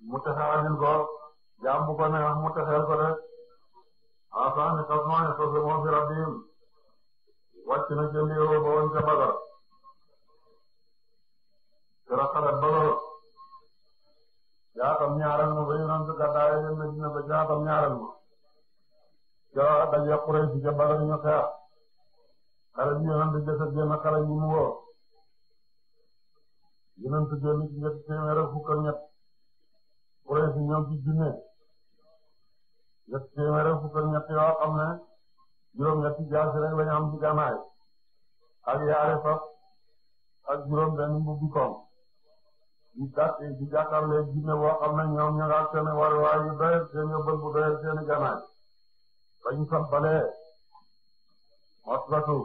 mu taxawaayil ko jaam bu ko neex mu taxawal ko rek ah saa ni xas maa ne xas moo fi rabbiim wàcc na ca lii ba woon ca Badar dara xalaat ba lool jaatam ñaaral ma ba yonent gàddaay dem Madina ba jaatam ñaaral ma ca daje Quraysh ca Badar ñu xeex xale bi yonent jësat génn xale yi mu woo yonent génn ci ñetti téeméer ak fukk ak ñett Quraysh ñëw ci junne ñetti téeméer ak fukk ak ñett yoo xam ne juróom-ñetti jaasi rek lañu am ci gànnaay ak yaare fas ak juróom benn mbubbi koom di gàtt di jàkkaarloo jinne boo xam ne ñoom ñu ngi seen bu doyal seen i gànnaay ba ñu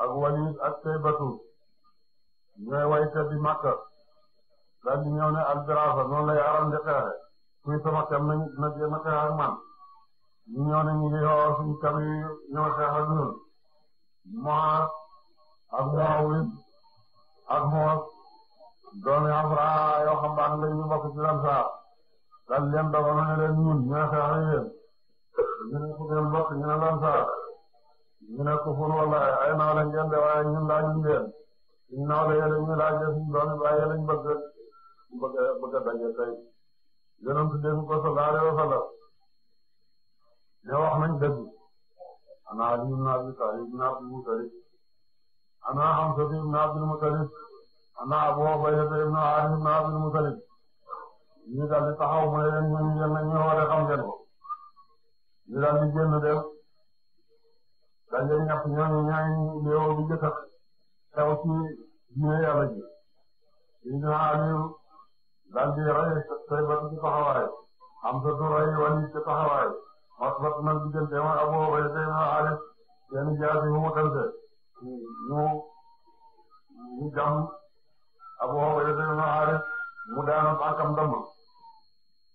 ak Waliid ak Saybatu ñooy wayte Makka daal di ñëw ne albiraasa noonu lay aram kuy sama kam nañu a xeex ak man ñu ñëw ne ñu ngi yoo suñu kam yi ñoo ak ñun Muaaz ak Muawid doomi Abraha yoo xam baax lañu bokk ci Ansaar dal leen dogaloon ne leen ñun ñu ne xeex ak yéen ñu ne ku ngeen bokk ñu ne Ansaar ñu ne kufur ay nawle ngeen de waaye ñun daañu leen suñu nawle yéen ñu laajee suñu doomi baay yéen lañ bëgg bëgg bëgg a daje tey wa sallam ne wax nañ dëgg ana Ali ibn Abi Talib ibn Abdul Muttalib ana Hamza ibn Abdul Muttalib ana Abu Ubayda ibn Harith ibn Abdul Muttalib ñu daal di taxaw mu ne leen ñun yéen a ñu war a xam ngeen ko ñu daal di génn dem daje ñàkk ñooñu ñaañu léew bi jëkk a xew ci diine yàlla ji ibn Harith daal di rey Shaybat ci taxawaay Hamza du rey Walid ci taxawaay Utba nag diggante mooy Abu Ubayda ibn Harith seen jaasi mu mu tënse ñu ñu jam Abu Ubayda ibn Harith mu daanoo tànkam dëmb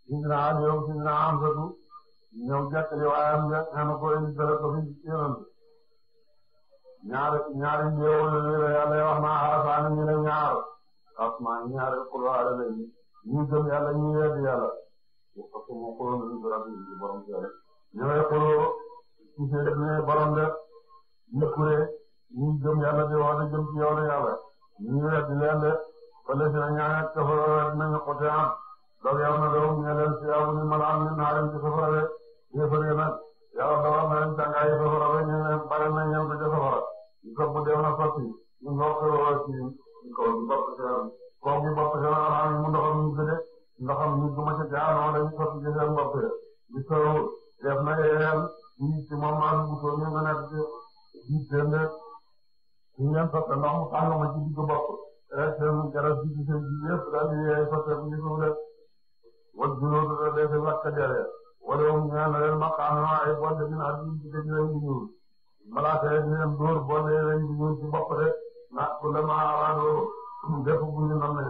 Sidina Ali yow Sidina Hamzatu ñëw jàkkali waayam ja nee na ko indi dara ko fi yonent ñaari ñaari jéego yooyu la yàlla wax naa xarafaani ñu ne ñaar asmaa ñaari xurwaale lañ ñu gëm yàlla ñu yedd yàlla parce que mu xooloon nañu dara ci borom kër ñu lay xooloo ci seen ne borom de ñu kuré ñu gëm yàlla di wax ne jëm ci yow la yàlla ñu yedd leen de wala si la ñu naan ak safara dinañu xute am loolu yow na loolu ñu leen si yow ni ma la am ñu naa leen ci safara de yéefare nag yàlla dogal na leen tàngaay yi safara ba ñu ne bare na ñëw ci safara ñu ko mu dem na sotti ñu ndox ko wala ci ñu ko ñu bopp ci am koom ñu bopp ci am am mu ndoxam ñu gëde ndoxam ñu duma ci jaanoo dañu sotti ci seen bopp ya ñu ko def na yéen ñu ci moom am bu ko ñu mën a di jënd ñu leen sotti ndox mu tàng ma ci digg bopp rajo garab gi ci seen ji yëpp daal di yaay fas yëngu ñu ko def wala gunóor bi daal di wax ka jëlee wala mu ñaan la leen maqaama ay boole bi naan ñu gëj leen di ñëw malaaka yi ñu leen dóor boole leen di ñëw ci bopp rek na ku la ma waadoo def bu ñu nam ne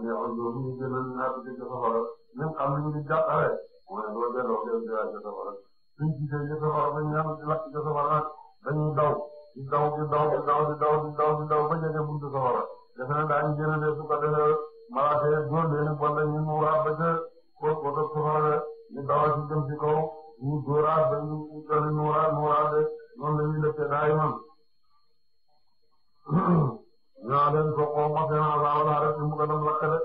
ñu yow doo ñu gën a ñaar di ko safara ñun xam nañu di jàppale mooy doo delloo delloo di laaj safara suñ gisee ñu safara ba ñu am di lakk safara dañuy daw di daw di daw di daw di daw di daw di daw ba jege buntu safara defe naa daañu jëndee su ko defee malaaka yi góor leen wala ñu mu raab ba ca kooku ko soxla ñu dawal ci jëm ci kaw ñu dóoraat ba ñu jënd ñu raab mu raab de noonu la ñuy defee daay man. ñoo leen ko xaw ma seen asaawal aaree fi mu ko dem lakk de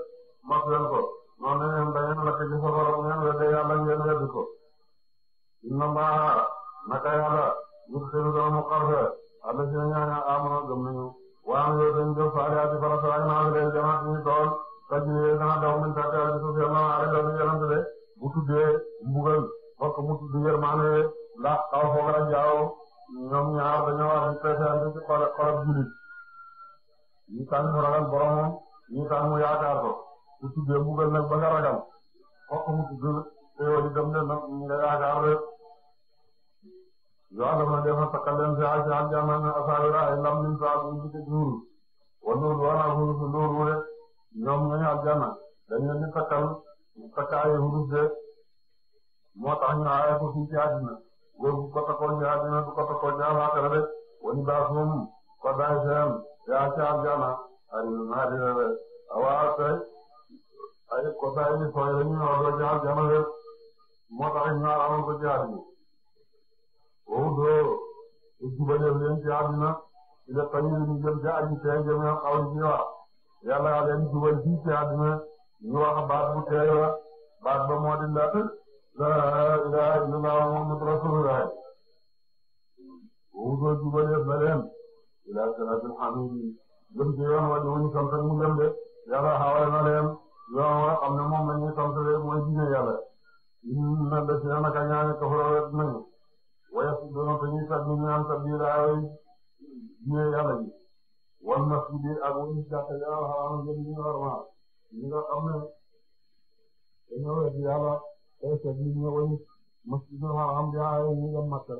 mos leen ko noonu la ñuy dañuy lakk ci sa borom ngeen weddee yàlla ngeen weddi ko. inna mbaa naka yàlla ñu seen zone mu xarfe àll ci ñaar ñaar amoon gëm nañu. waaw yow dañu jëm faale ati farat waaye maa ngi leen jëmaat ñu tool taj bi yéen a daw man saa maa rek dañu yàlla tëddee bu tuddee mbugal mbokk mu tudd yërmaane ndax xaw foog rek jaaw ñoom ñaar dañoo war di préféré ci xol xolab jullit ñu tànn mu ragal boromam ñu tànn mu yaakaar ko mbugal nag ba nga ragal mbokk mu tudd te yow nga yaakaar yoo xam ne dafa takkal leen si ay si ak saa bu ñu ci gis ñun wala wala wala wala wala ñoom ñooñu ak jamono dañu leen di takkal takk ay wurus de moo tax ñu aaye ko fii ci àddina góor bu ko takkoo ci àddina bu ko takkoo ci àllaaxira rek wala baax moomu ko daay seen yaa ci ak jamono ay wow doo jubaleef leen ci àdduna ci la fayu ñu jëm ci aji tey jëm ñoom aw ñu wax yàlla leen jubal fii ci àdduna ñu wax baat bu tey la baat ba moo di la laa ilaaha illallaah muhammadu rasuulullaah wow doo jubaleef na leen ilaa siraatil hamiid jëm ci yoon wa ñu sant mu jëm de yàlla xawale na leen yoon wa xam ne moom la ñuy sant de mooy diine yàlla inna lladiina kafaroo wéyal si doon te ñuy sànni ñu naan sànni laay ñëwee yàlla ji wal na fi biir ak wéy jàkka yàlla ah, xaram ah, ngeen ñu normal ñi nga xam ne dañoo wéy yàlla tey sëñ bi ñu wéy masjid xaram bi ay ah, ñu nga makka.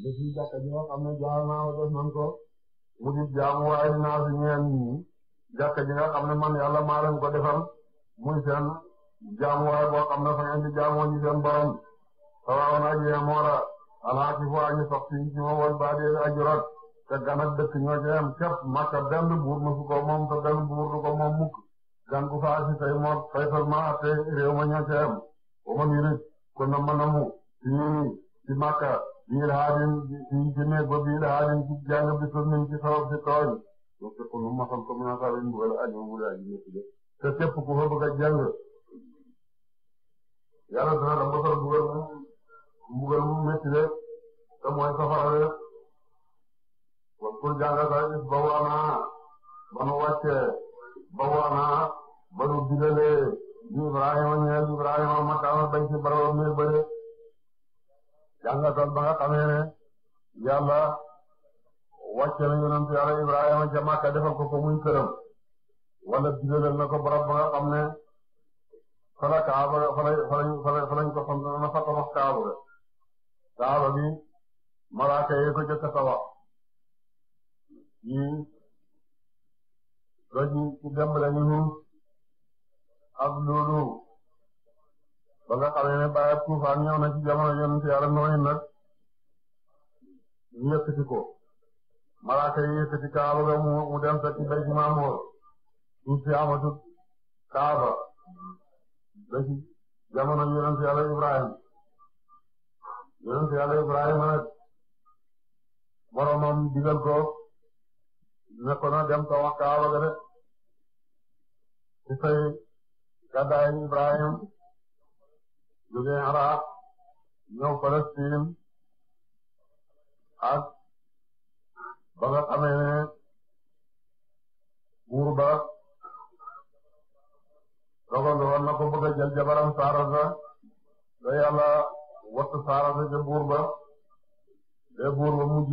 li ci jàkka ji nga xam ne jaar naa ko def nañ ko mu di jaamu waaye naa si ñeen ñi jàkka ji nga xam ne man yàlla maa leen ko defal muy seen. jaamuwaay boo xam ne fa ngeen di jaamoo ñu seen borom sawaw na ak yéen moo la alaaki foo añu sox si ci moom wal baadi aju rot te gan ak dëkk ñoo ca am képp makka benn buur na fu ko moom te benn buur du ko moom mukk gan gu fa si tey moo fay seulement atte réew ma ñoo ca am wa man yurid ko na mën a mu ci ñii ci makka bii la haadin ci ci néeg ba bii la haadin ci jàng bi sunnin ci sabab si tooñ donc ko nu masal ko mu na sabin bu wala añu wula añu te képp ku fa bëgg a jàng yàlla dina la mosal mbugal mu mbugal mu métti de te mooy safara de wax pour jàngat ba waana ba nu wàccee ba waana ba nu digalee Ibrahima ñeel Ibrahima makaama bañ ci barabam ne bëre jàngatal ba nga xamee ne yàlla wàcce na yonent yàlla Ibrahima ca Makka defal ko ko muy këram wala digalal na ko barab ba nga xam ne fa la kaaba fa la fa la fa lañ ko sant na fa tabax kaaba ga kaaba bi malaaka yi ko jëkk a tabax ñii doj ci demb lañu ñu ak loolu ba nga xamee ne bàyyi tuufaan ñëw na ci jamono yonent yàlla nooy nag ñu yëkkati ko malaaka yi yëkkati kaaba ga mu mu dem sa ci bay ci maamoor ñu fi amatut kaaba ba ci jamono yonent yàlla Ibrahima yonent yàlla Ibrahima nag boromam digal ko ne ko na dem ta wax Kaaba ga de ci say gàddaay Ibrahima jógee Iraq ñëw Palestine ak ba nga xamee ne buur ba rogando woon na ko bëgg a jël jabaram Saarata da yàlla wattu Saarata ca buur ba de buur ba mujj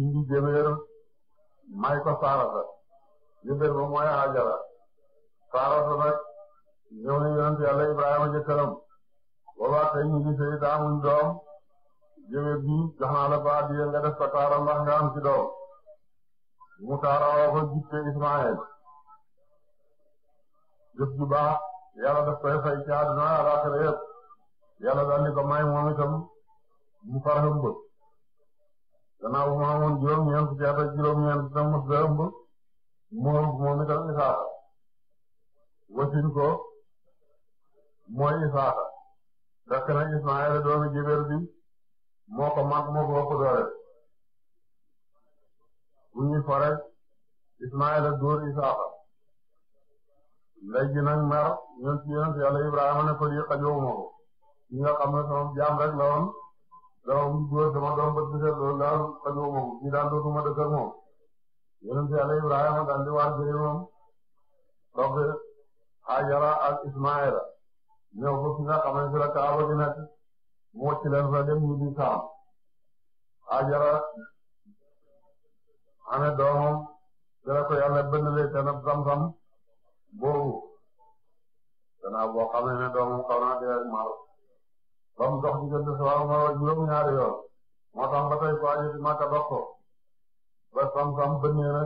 indi jëmeer may ko Saarata jëmeer ba mooy Hajara Saarata nag ñëw na yonent yàlla Ibrahima jëkkëram boobaa tey ñu ngi sey daamuñ doom jëmeer bi jox naa la ba di nga def ko taara ndax nga am ci doom mu taara woo ko jikko Ismaël jëf daf koy fay ci àdduna àllaaxira yëpp yàlla daal di moom itam mu far ëmb gannaaw bu ma amoon juróom-ñeent ci at mu ëmb moom itam Isaaxa wasin ko mooy Isaaxa fekk na Ismaayil doomi Jibeer bi moo ko ko doole bu ñuy fore Ismaayil dóor Isaaxa léegi nag mer ñun ci yéen yàlla Ibrahima ko lii xajoo ma ko ñi nga xam jaam rek la woon doom bu góor sama doom ba gisee loolu daal xajoo ma ko fii daal dootuma dëkk ak moom yéen ci yàlla Ibrahima daal di waar jëri moom toog Hajara ak Ismaila ñëw ba fi nga xam ne fi la Kaaba gi nekk mu wàcc leen fa dem ñu saam Hajara amee doomam dara ko yàlla bënn leen seen ab zam-zam boobu danaa boo xam ne ne naa dee ak ba mu dox diggante Sawara Marwa juróom-ñaari yoon moo tax ba tey ko aje ci Makka dox ko ba sam-sam bënnee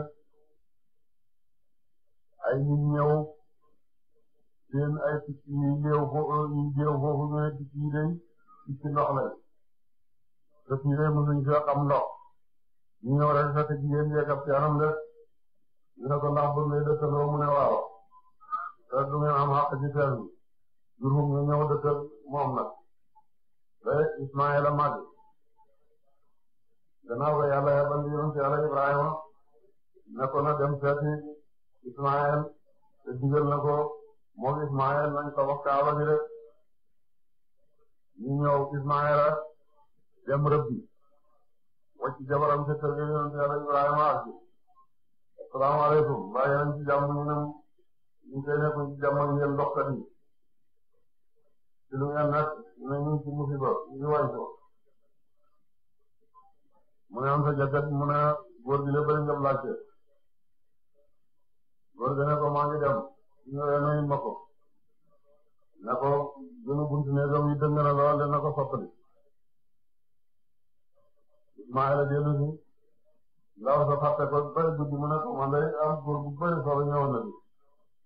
ay nit ñëw seen ay picc ñuy léew foofu ñuy jéew foofu ñu ne picc yi day picc ndox lañ te fii day mënuñ fee xam ndox ñu ñëw rek fekk jigéen jeekab ci anam def ñu ne ko ndax bëgg ngay dëkkaloo mu ne waaw lu ngeen am xaq ci teen bi jurhum nga ñëw dëkkal moom nag ba Ismaayila màgg gannaaw ba yàlla yabal yonent yàlla Ibrahima ne ko na dem seeti Ismaayil te digal na ko moom Ismaayil nañ ko wax kaaba gi rek ñu ñëw Ismaayila dem rëbbi wàcc jabaram ca kër ga yonent yàlla Ibrahima ak asalaamaaleykum bàyyi nañ ci jàmm ñu ne ñu génne ko ci jamono ngeen doxali ci lu ngeen nag ne ñu ci musiba ñu wañ ko mu ne am sa jagat mu ne góor gi la bëri nga laajte góor gi ne ko maa ngi dem ñu ne ma ko na ko gënu buntu ne doom yi dëng na lool de na ko soppali Ismaila dellu si ndaw sa fàtte ko bëri guddi mu ne ko man day am góor bu bëri solo ñëwoon na bi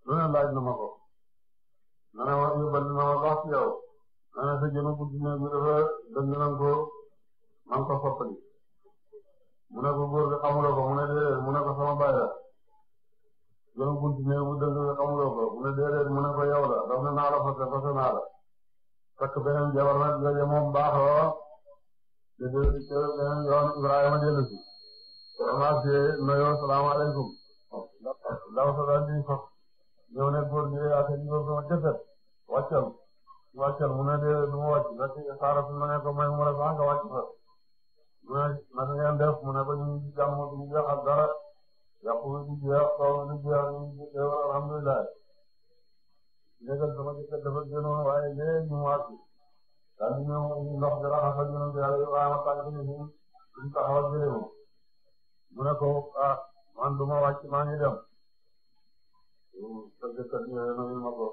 lu ne laaj na ma ko na ne wax yóbbal na ma wax ci yow na ne sa jëma bu dina bi dafa dëng nan ko man ko soppali mu ne ko góor gi xamuloo ko mu ne déedéet mu ne ko sama baay la jëma bu dina bu dëng bi xamuloo ko mu ne déedéet mu ne ko yow la daf ne naa la fase fase naa la takk beneen jabar nag yooyu moom baaxoo te te beneen yoon Ibrahima dellusi sama fie noyo salaamaaleykum daw sa daal di ñëw ne góor ñi ak ñi góor ñoo jëfet wàccal wàccal mu ne de du ma wàcc naka saara su ma ko may mu ne sax fa mu ne naka ngeen def mu ne ko ñu ngi ci jàmm duñu jeex ak dara yàqu du jeex taw du jeex ñu ngi ci teew alhamdulilah léegi sama jëkkër dafa génnoon waaye léegi mu wàcc daal di ñëw ndox bi ñu ne bi yàlla Ibrahima tànk bi ko man du ma wàcc maa ngi parce que kër gi nga xam ne ma ko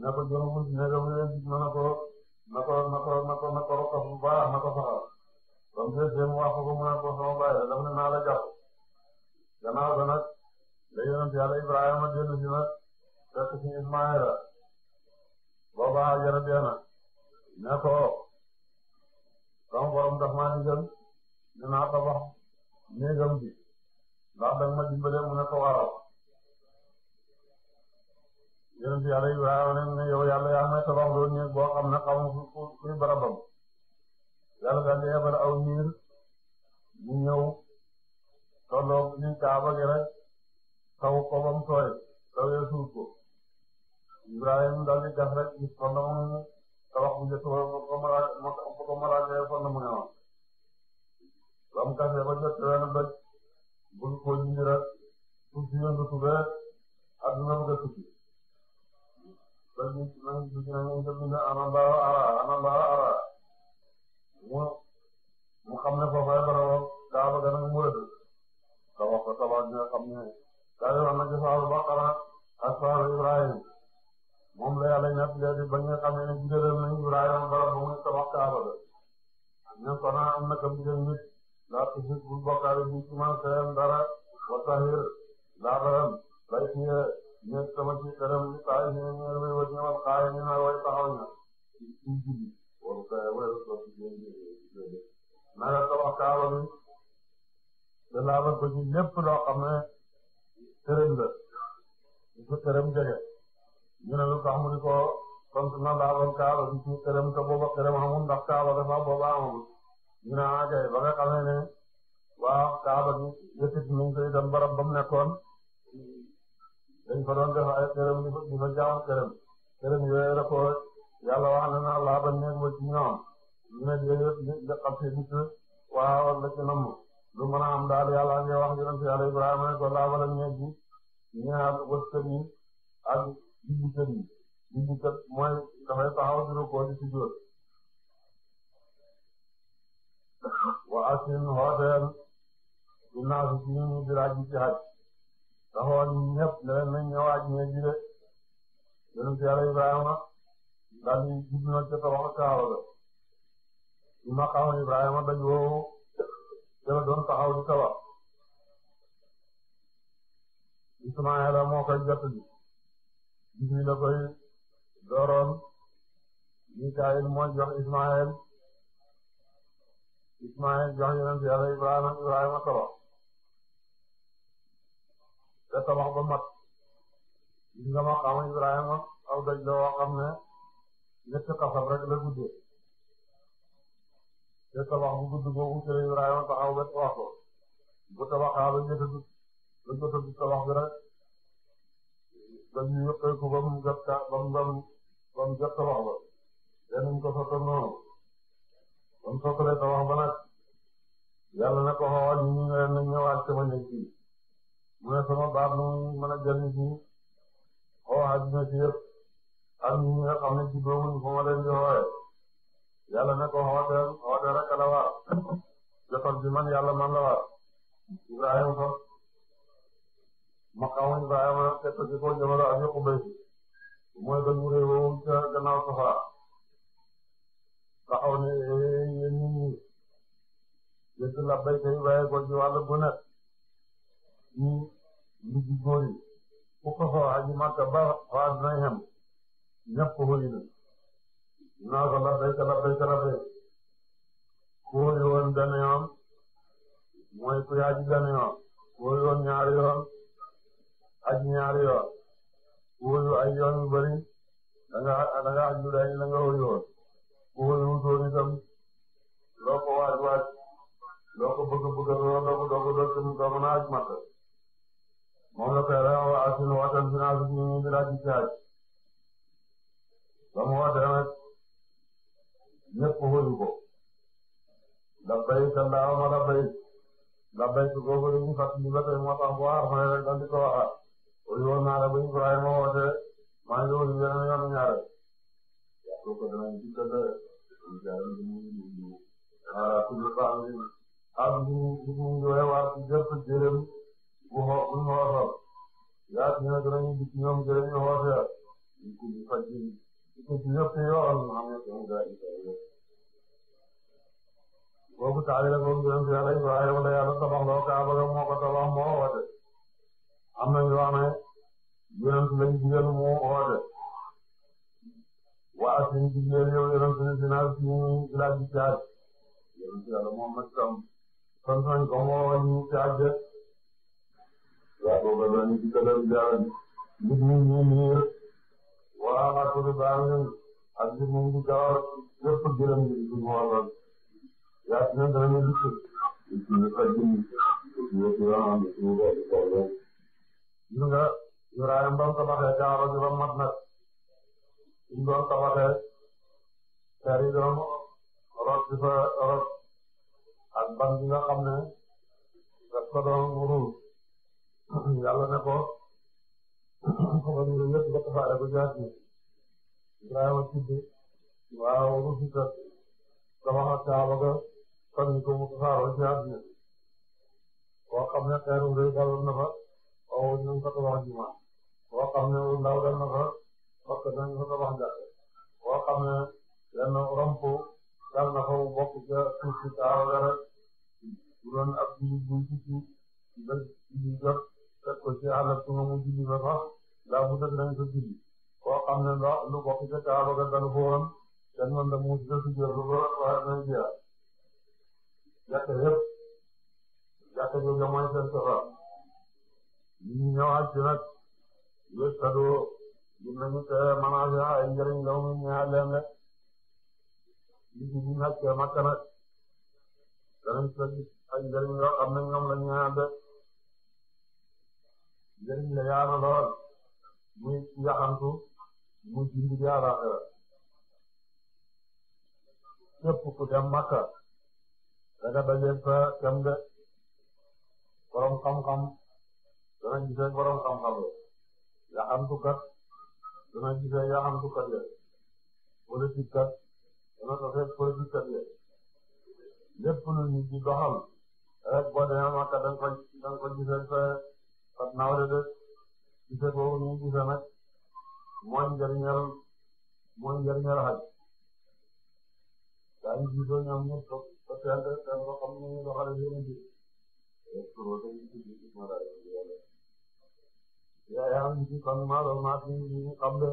na ko jox ko na ko na ko na ko na ko na ko na ko rokkab bu baax na ko saxal comme que jéem wax ko mu ne ko sama baay la dafa ne naa la jàpp gannaaw ba nag la yonent yàlla Ibrahima dellu si nag fekk si Ismaïla booba Hajara dee na ne ko sama borom daf maa digal dinaa tabax néegam bi ndax danga ma dimbale mu ne ko waaw yéen si yàlla Ibrahima ne yow yàlla yaa may tabax loolu néeg boo xam ne xamu fu fu barabam yàlla daal di yebal aw niir ñu ñëw tolloog ni kaaba gi rek taw ko ba mu tooy tawee suuf ko Ibrahima rek gis ko këram Ismaël Ismaël jox yonent Yàlla Ibrahima Ibrahima tabax te tabax ba mat gis nga ma xam aw daj la woo ne ñetti xasab rek la guddee te tabax bu gudd boobu ci Ibrahima taxaw ba tabax ko bu tabaxaa ba jotatu ba jotatu tabax bi rek dañuy yëkkay ko ba mu jot ka ba mu ba tabax ba. danañ ko soppal noonu ba mu soppalee tabax ba nag yàlla na ko xaw ñu ñëwee nañ ñëwaat sama nekk bi mu ne sama baat nu mën a jëriñ ci xaw a àdduna ci yëpp ak ñi nga xam ne ci doomu ñu fa ma leen di xoolee yàlla na ko xaw a teel xaw a teel rek la war jotal bi man yàlla man la war Ibrahima sax maqaamu Ibrahima teg ko ci kaw jamono ak yëpp béy mooy gën mu réew moom ca gannaaw safara taxaw ne eh, yéen nit ñi yëpp la béykat yi ko ci wàll bu nekk ñu ngi ku ko xoo aji Makka ba waa dina yem ñëpp naa ko la béykat la ku wëy woon mooy ku aji benn ku wëy woon ñaari aji ñaari ku wëy ay yoon yu bëri da nga da nga aji lu ku wëyum doon itam loo ko waaj waaj loo ko bëgg bëgg loo doog doog doog doog naa ak mat moom la koy waxee waa Asine waxtaan si naa fi ñu ngi laaj ci caaj ba mu waxtaan ak ñëpp wëyu ko labbayk allahumma labbayk labbayk googu dañuy fàttali ba tey moo tax bu baax ma ne rek daal di ko waxaat wëyu woon naa la ba Ibrahima woote maa ngi wëyu yeneen yoonu ñaareel. kooku danañ ci tëddee ñu jaaree ñu mu ñu ñu xaaral ci lu baax li am ñu ñu ñëwee waa ci jëpp jërëm bu xoo bu ñu xoolal yaa ci ne danañ gis ñoom jërëm ñu xool ñu ko ñu faj ñu ko ci yëpp yoon xam nga ñu daa ñu koy yëpp. kooku taali la moom jërëm yàlla Ibrahima la yàlla tabax loo kaaba la moo ko tabax moo woote am nañu wax ne jërëm lañ digal moo woote. waa seen digle yow yoroon seen dinaa suñu village bi caaj yoroon si yàlla moom ak tam tonton ko moo ñu caaj de waaw boobu la ñu ci kër yi daal di ñu miir waa Fatou Ba ngeen ak mu ngi gaaw yëpp gërëm di di mu waral yaa ci nekk dana di ci ci ñu fa jëm ci ñu ci la am ci ñu ko ci ko ñu suñ doon tabaxee kër yi doon rot di fa rot ak ban bi nga xam ne daf ko doon ruus yàlla ne ko xoolal ñu yëpp nga tafaare ko jaati Ibrahima Siddi waaw ruusi kat tabaxa Kaaba ga fan ko mu tafaaroo jaati boo xam ne xeeru rëy daloon na fa waaw ñu ngi ko tabax jumaa boo ne ndaw dal na fa parce que dañu ne yenn romp dal na ko bokk ca suuf si saa wala bu doon ab jiwu bu jiwu ba jiwu jot ci àll su ma mu julli ba sax ndax bu dëgg dañ ko julli boo xam ne ndax lu bokk ca saa wala dal ko woon kenn mën na mu jot jël lu ko waaye mooy seen soxla ñu ñëwaat ci nag yëpp gis nañu que managé ay njëriñ la mu ñëwaat leen rek gis nañu nag que makka nag danañ ko gis ay njëriñ yoo xam ne ñoom la ñëwaat rek njëriñ la yaatu lool muy yaxantu muy jiw bi yaatu affaire képp ku dem makka dana dajeeg sa thème de borom xam-xam dana gisee borom xam-xam la yaxantu kat. dana gise yaxantu kat ya politique kat dana taseet politique kat ya lépp lu ñu ci doxal rek boo demee Makka da nga ko da nga ko gisee sa kat nawle de gisee boobu ñu gisee nag mooy njëriñal mooy njëriñal xaj daa ñu gisoo ñoom ñëpp ko ko seen seen loo xam ne ñu doxale seen yaa ngi ci kon maa doon maa fi ñu xam ne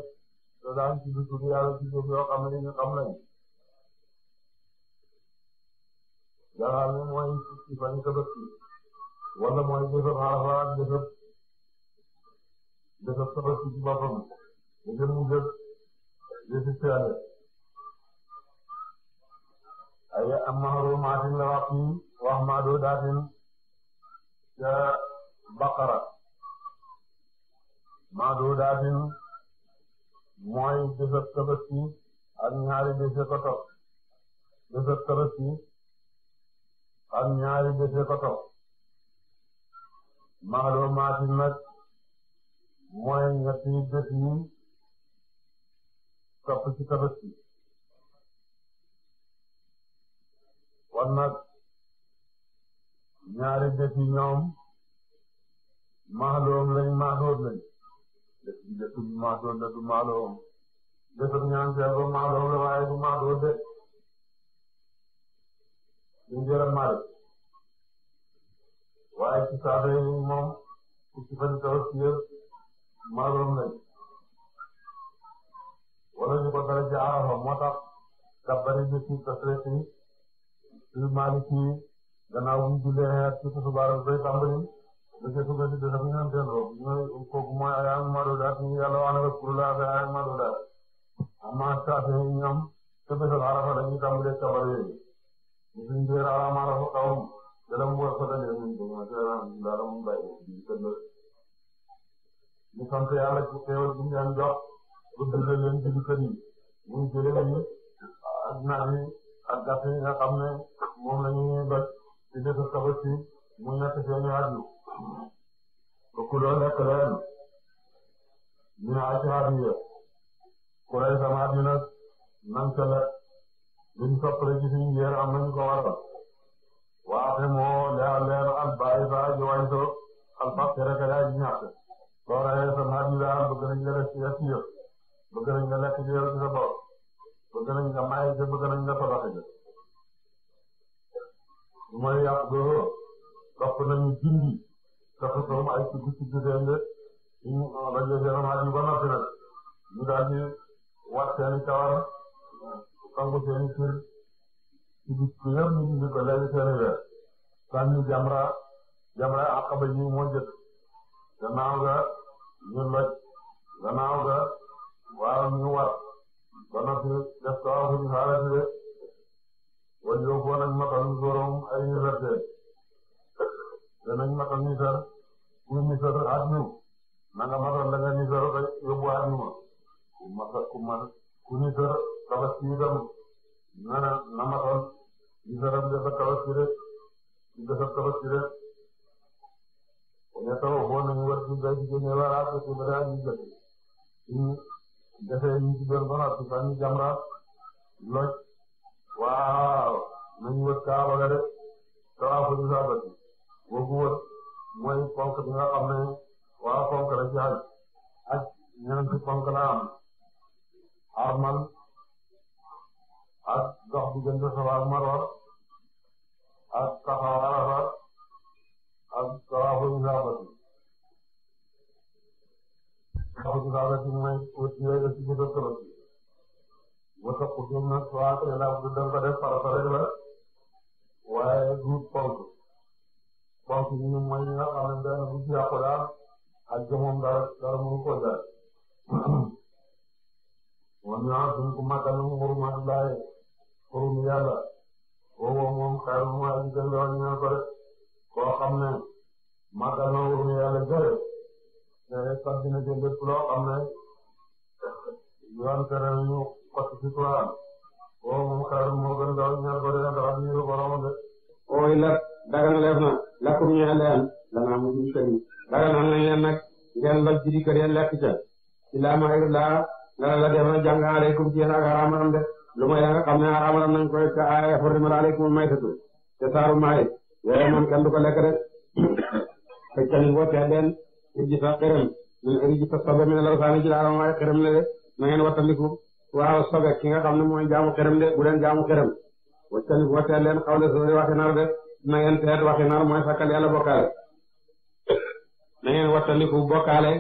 daan ci biir tur yàlla ci suuf yoo xam ne ñu xam nañ yàlla ne mooy ci fan sa bët wala mooy jëfëf xaaral ak jëfëf jëfëf sa bët ci boppam jëfëf mu jëf jëfëf si yàlla ay am mahru maatin la wax ni wax maa doo daatin ca baqara maadudaatin mooy bésëb tabaski ak ñaari bése ko topp bésëb tabaski ak ñaari bése ko topp maadumaatin nag mooy ñetti bés yi topp ci tabaski kon nag ñaari bés yi ñoom mahloom lañ mahloom lañ dëkk bi dëkk bu maatoo la du maaloo dëkk bi ñaan seer ba maaloo la waaye du maatoo dëkk ñu jëra maal waaye ci saaba yi moom ku ci fan taw ci yëpp maaloom lañ wala ñu ko dara ci arafa moo tax dabbari bi ci tasreti ci maali ci gannaaw bu ñu jullee xeer ci tusubaar bay tàmbali dëgg su bëgg dëgg bu ñu doon delloo ñooy kooku mooy ay almadudaat ñu yàlla wax na ko pour la ay almadudaat amma saa fi ñoom te bëgg arafa dañuy tàmbalee kabar yooyu ñu ngi jël arafa arafa kawam dara mu war ko dalee ñu ko ma dara dara mu bay ñu tëdd ñu sant yàlla ci xéewal bi ñu leen jox bu dëgg leen ci kër yi ñu jëlee ñu ak naaj yi ak gàtt yi nga xam ne moom la ñuy bëgg ci dëkk sabati mu ñàkk seen i kooku doon nekk leen ñu ne ashariya kuréel samaat ñu nag nante la luñ soppale ci suñu yéer am nañ ko waral waaxe moo leer leer albaay ba aji wañ so albaq rek a yaay ñàkk soo rayee samaat ñu daal bëgg nañ nga def ci yëf yëf bëgg nañ nga lekk ci yëf ci sa bopp bëgg nañ nga may ci bëgg nañ nga tabax ci mooy yàq goo topp nañu jindi taxasoom ay sukk sukk seen de ñu rajo seen xaj yu ba noppi nag ñu daal di wat seen kawar sangu seen kër ci bis ku yëpp ñu ngi ko léegi seen weer sànni jamra jamra aqaba ji moo jëkk gannaaw ga ñu loj gannaaw ga waaw ñu wat ba noppi def tawaafu ñu xaalati de wala yóbbuwoon ak matal góoram ay université danañ matal ñu sar kuy misal ak ñëw na nga matal la nga misal ba yóbbuwaat ñu ma ku matal ku ma ku misal tabaski itam na na matal misalam dafa tabaski rek dafa tabaski rek ya taw boo nañu war ci gay jigéen ñi war a ko ci bala ñu mooy ponk nga xam ne waa ponk la ci aj aj ñeenti ponk la am armal ak dox diggante Safa ak Marwa ak taxaw Arafa ak tawaafu isaabati tawaafu isaabati mooy ut yooyu ci guddo tolosi wata kutum nag waa te la bu danga def farata rek la waaye du ponk kooku ñu mooy ñi nga xamante ne bu ci yàqu daal ak jëmmam dara dara mu ngi ko jaar wa ñu am suñ ko màggalam xurumaat laay xurum yàlla woowu moom xayma mu aji gën la ñu ko rek koo xam ne màggal na xurum yàlla jëre te sax dina jël lépp loo xam ne yoon tere ñu kot ci turam woowu moom xayma mu gën la ñu ko rek dara ñu ko romb de. dagan leef na lakkum ñeel leen lanaa mu ci kër yi daganal nañ leen ngeen loj ci kër yi lekk ca illaa ma laa nga la def na jàng aleykum ci yéen ak de lu may la nga xam ne xaraamalam koy ka aaya xurrimat aleykum maytatu te saaru maay yooyu moom kenn du ko lekk rek te camin boo teddeen irji sa xërëm irji sa sobe mi ne la saani ci daal waaye xërëm le de na ngeen wattandiku waaw sobe ki nga xam ne mooy jaamu xërëm de bu leen jaamu xërëm wa na ngeen teet waxi nar mooy sakkal yàlla bokkaale na ngeen wattandiku bokkaale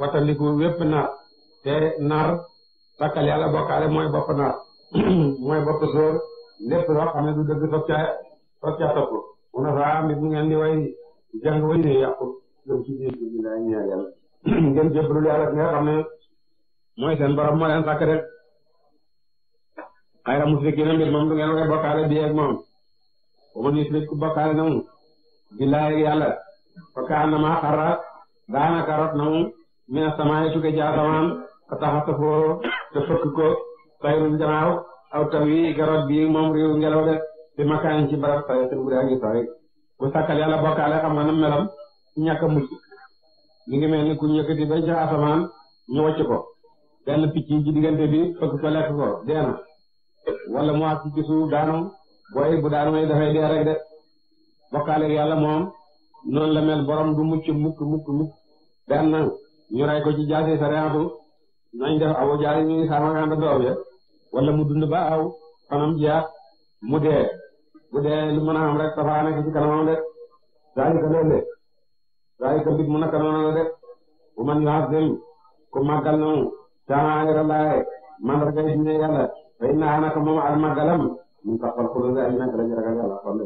wattandiku wépp nar te nar sakkal yàlla bokkaale mooy bopp nar mooy bopp sóor lépp loo xam ne du dëgg soog ca topp mu saa mbir mi ngeen di way jàng way ne yàqu jëm ci biir bi laa ngeen xam ne mooy seen borom moo leen sàkk rek xayra musrikiina mbir moom du ngeen way bokkaale bi ak moom wa man yushrik bu dee ngi sori ku xam nga nam melam ñàkk a mujj ngi mel ni ku yëkkati ba ca asamaan ñu wàcc ko benn picc ci diggante bi fëkk ko lekk ko deena wala mu àgg ci suuf daanu booy bu daan may dafay dee rek de bokkaale yàlla moom noonu la mel borom du mucc mukk mukk mukk benn ñu ray ko ci jaasi sa reexatu nañ def abu jaasi ñuy sarmakaanta doom ya wala aw fanam jiyaat mu dee bu dee lu mën a am rek dafa nekk ci kanamam de zalika loolu de zalika mbir mu naka noonu la de bu man yu'azzim ku màggal noonu saa maa ngi rëllaayee man rek ay dina yàlla fay naa naka moom ak màggalam ñu taxawal ko doon ay nag lañu yàlla kon de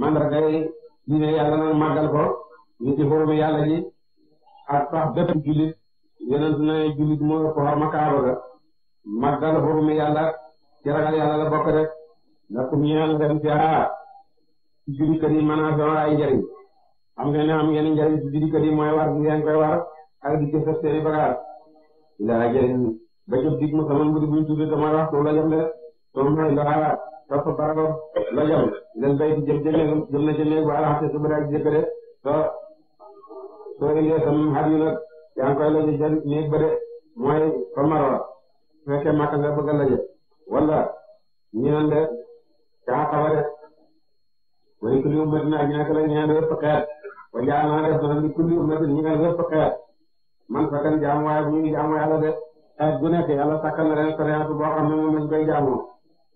mandarga yi yàlla na màggal ko ñu ci xóoru yàlla ji ak sax bépp jullit yonent na jullit moo ko war ma kaaba ga màggal yàlla ci yàlla la bokk rek ndax kum ñeel ngeen fi ah jullit kat yi mën naa fexe ay njariñ xam ngeen ne am ngeen mooy war ngeen koy war ak di jëf bagaar ila jariñ ba jëf dig sama mu buñ tuddee sama wax la jëm de toom ay topp barabam la jëm ngeen béy jëm ca jëm na ca néeg wala xam suba daal di jëkkëre soo indee sa xar yu nag yaa ngi koy lajj ca ba de mooy fa Marwa fekkee Makka nga bëgg a lajj wala ñu de caa xaw a def kulli ummatin naa def na li kulli ummatin ñaan wépp man fa kan jaamu waaye bu ñu jaamu yàlla de xeet gu nekk yàlla na ren soriatu boo xam ne moom lañ koy jaamoo.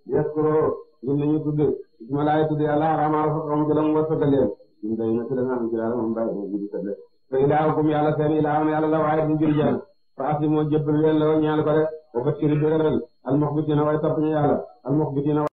yes kuroo ñun nañu tudd bismillah tudd yàlla arama rafaam ci lam wërsëgal leen ñun day na ci da nga am ci a moom bàyyi na jibi tëdd fa ilaahukum yàlla seen ilaaham jur jaan fa aslimoo jëbbal leen la ñaan ko de wa bashiri béréral almuxbitiina way topp ñu yàlla almuxbitiina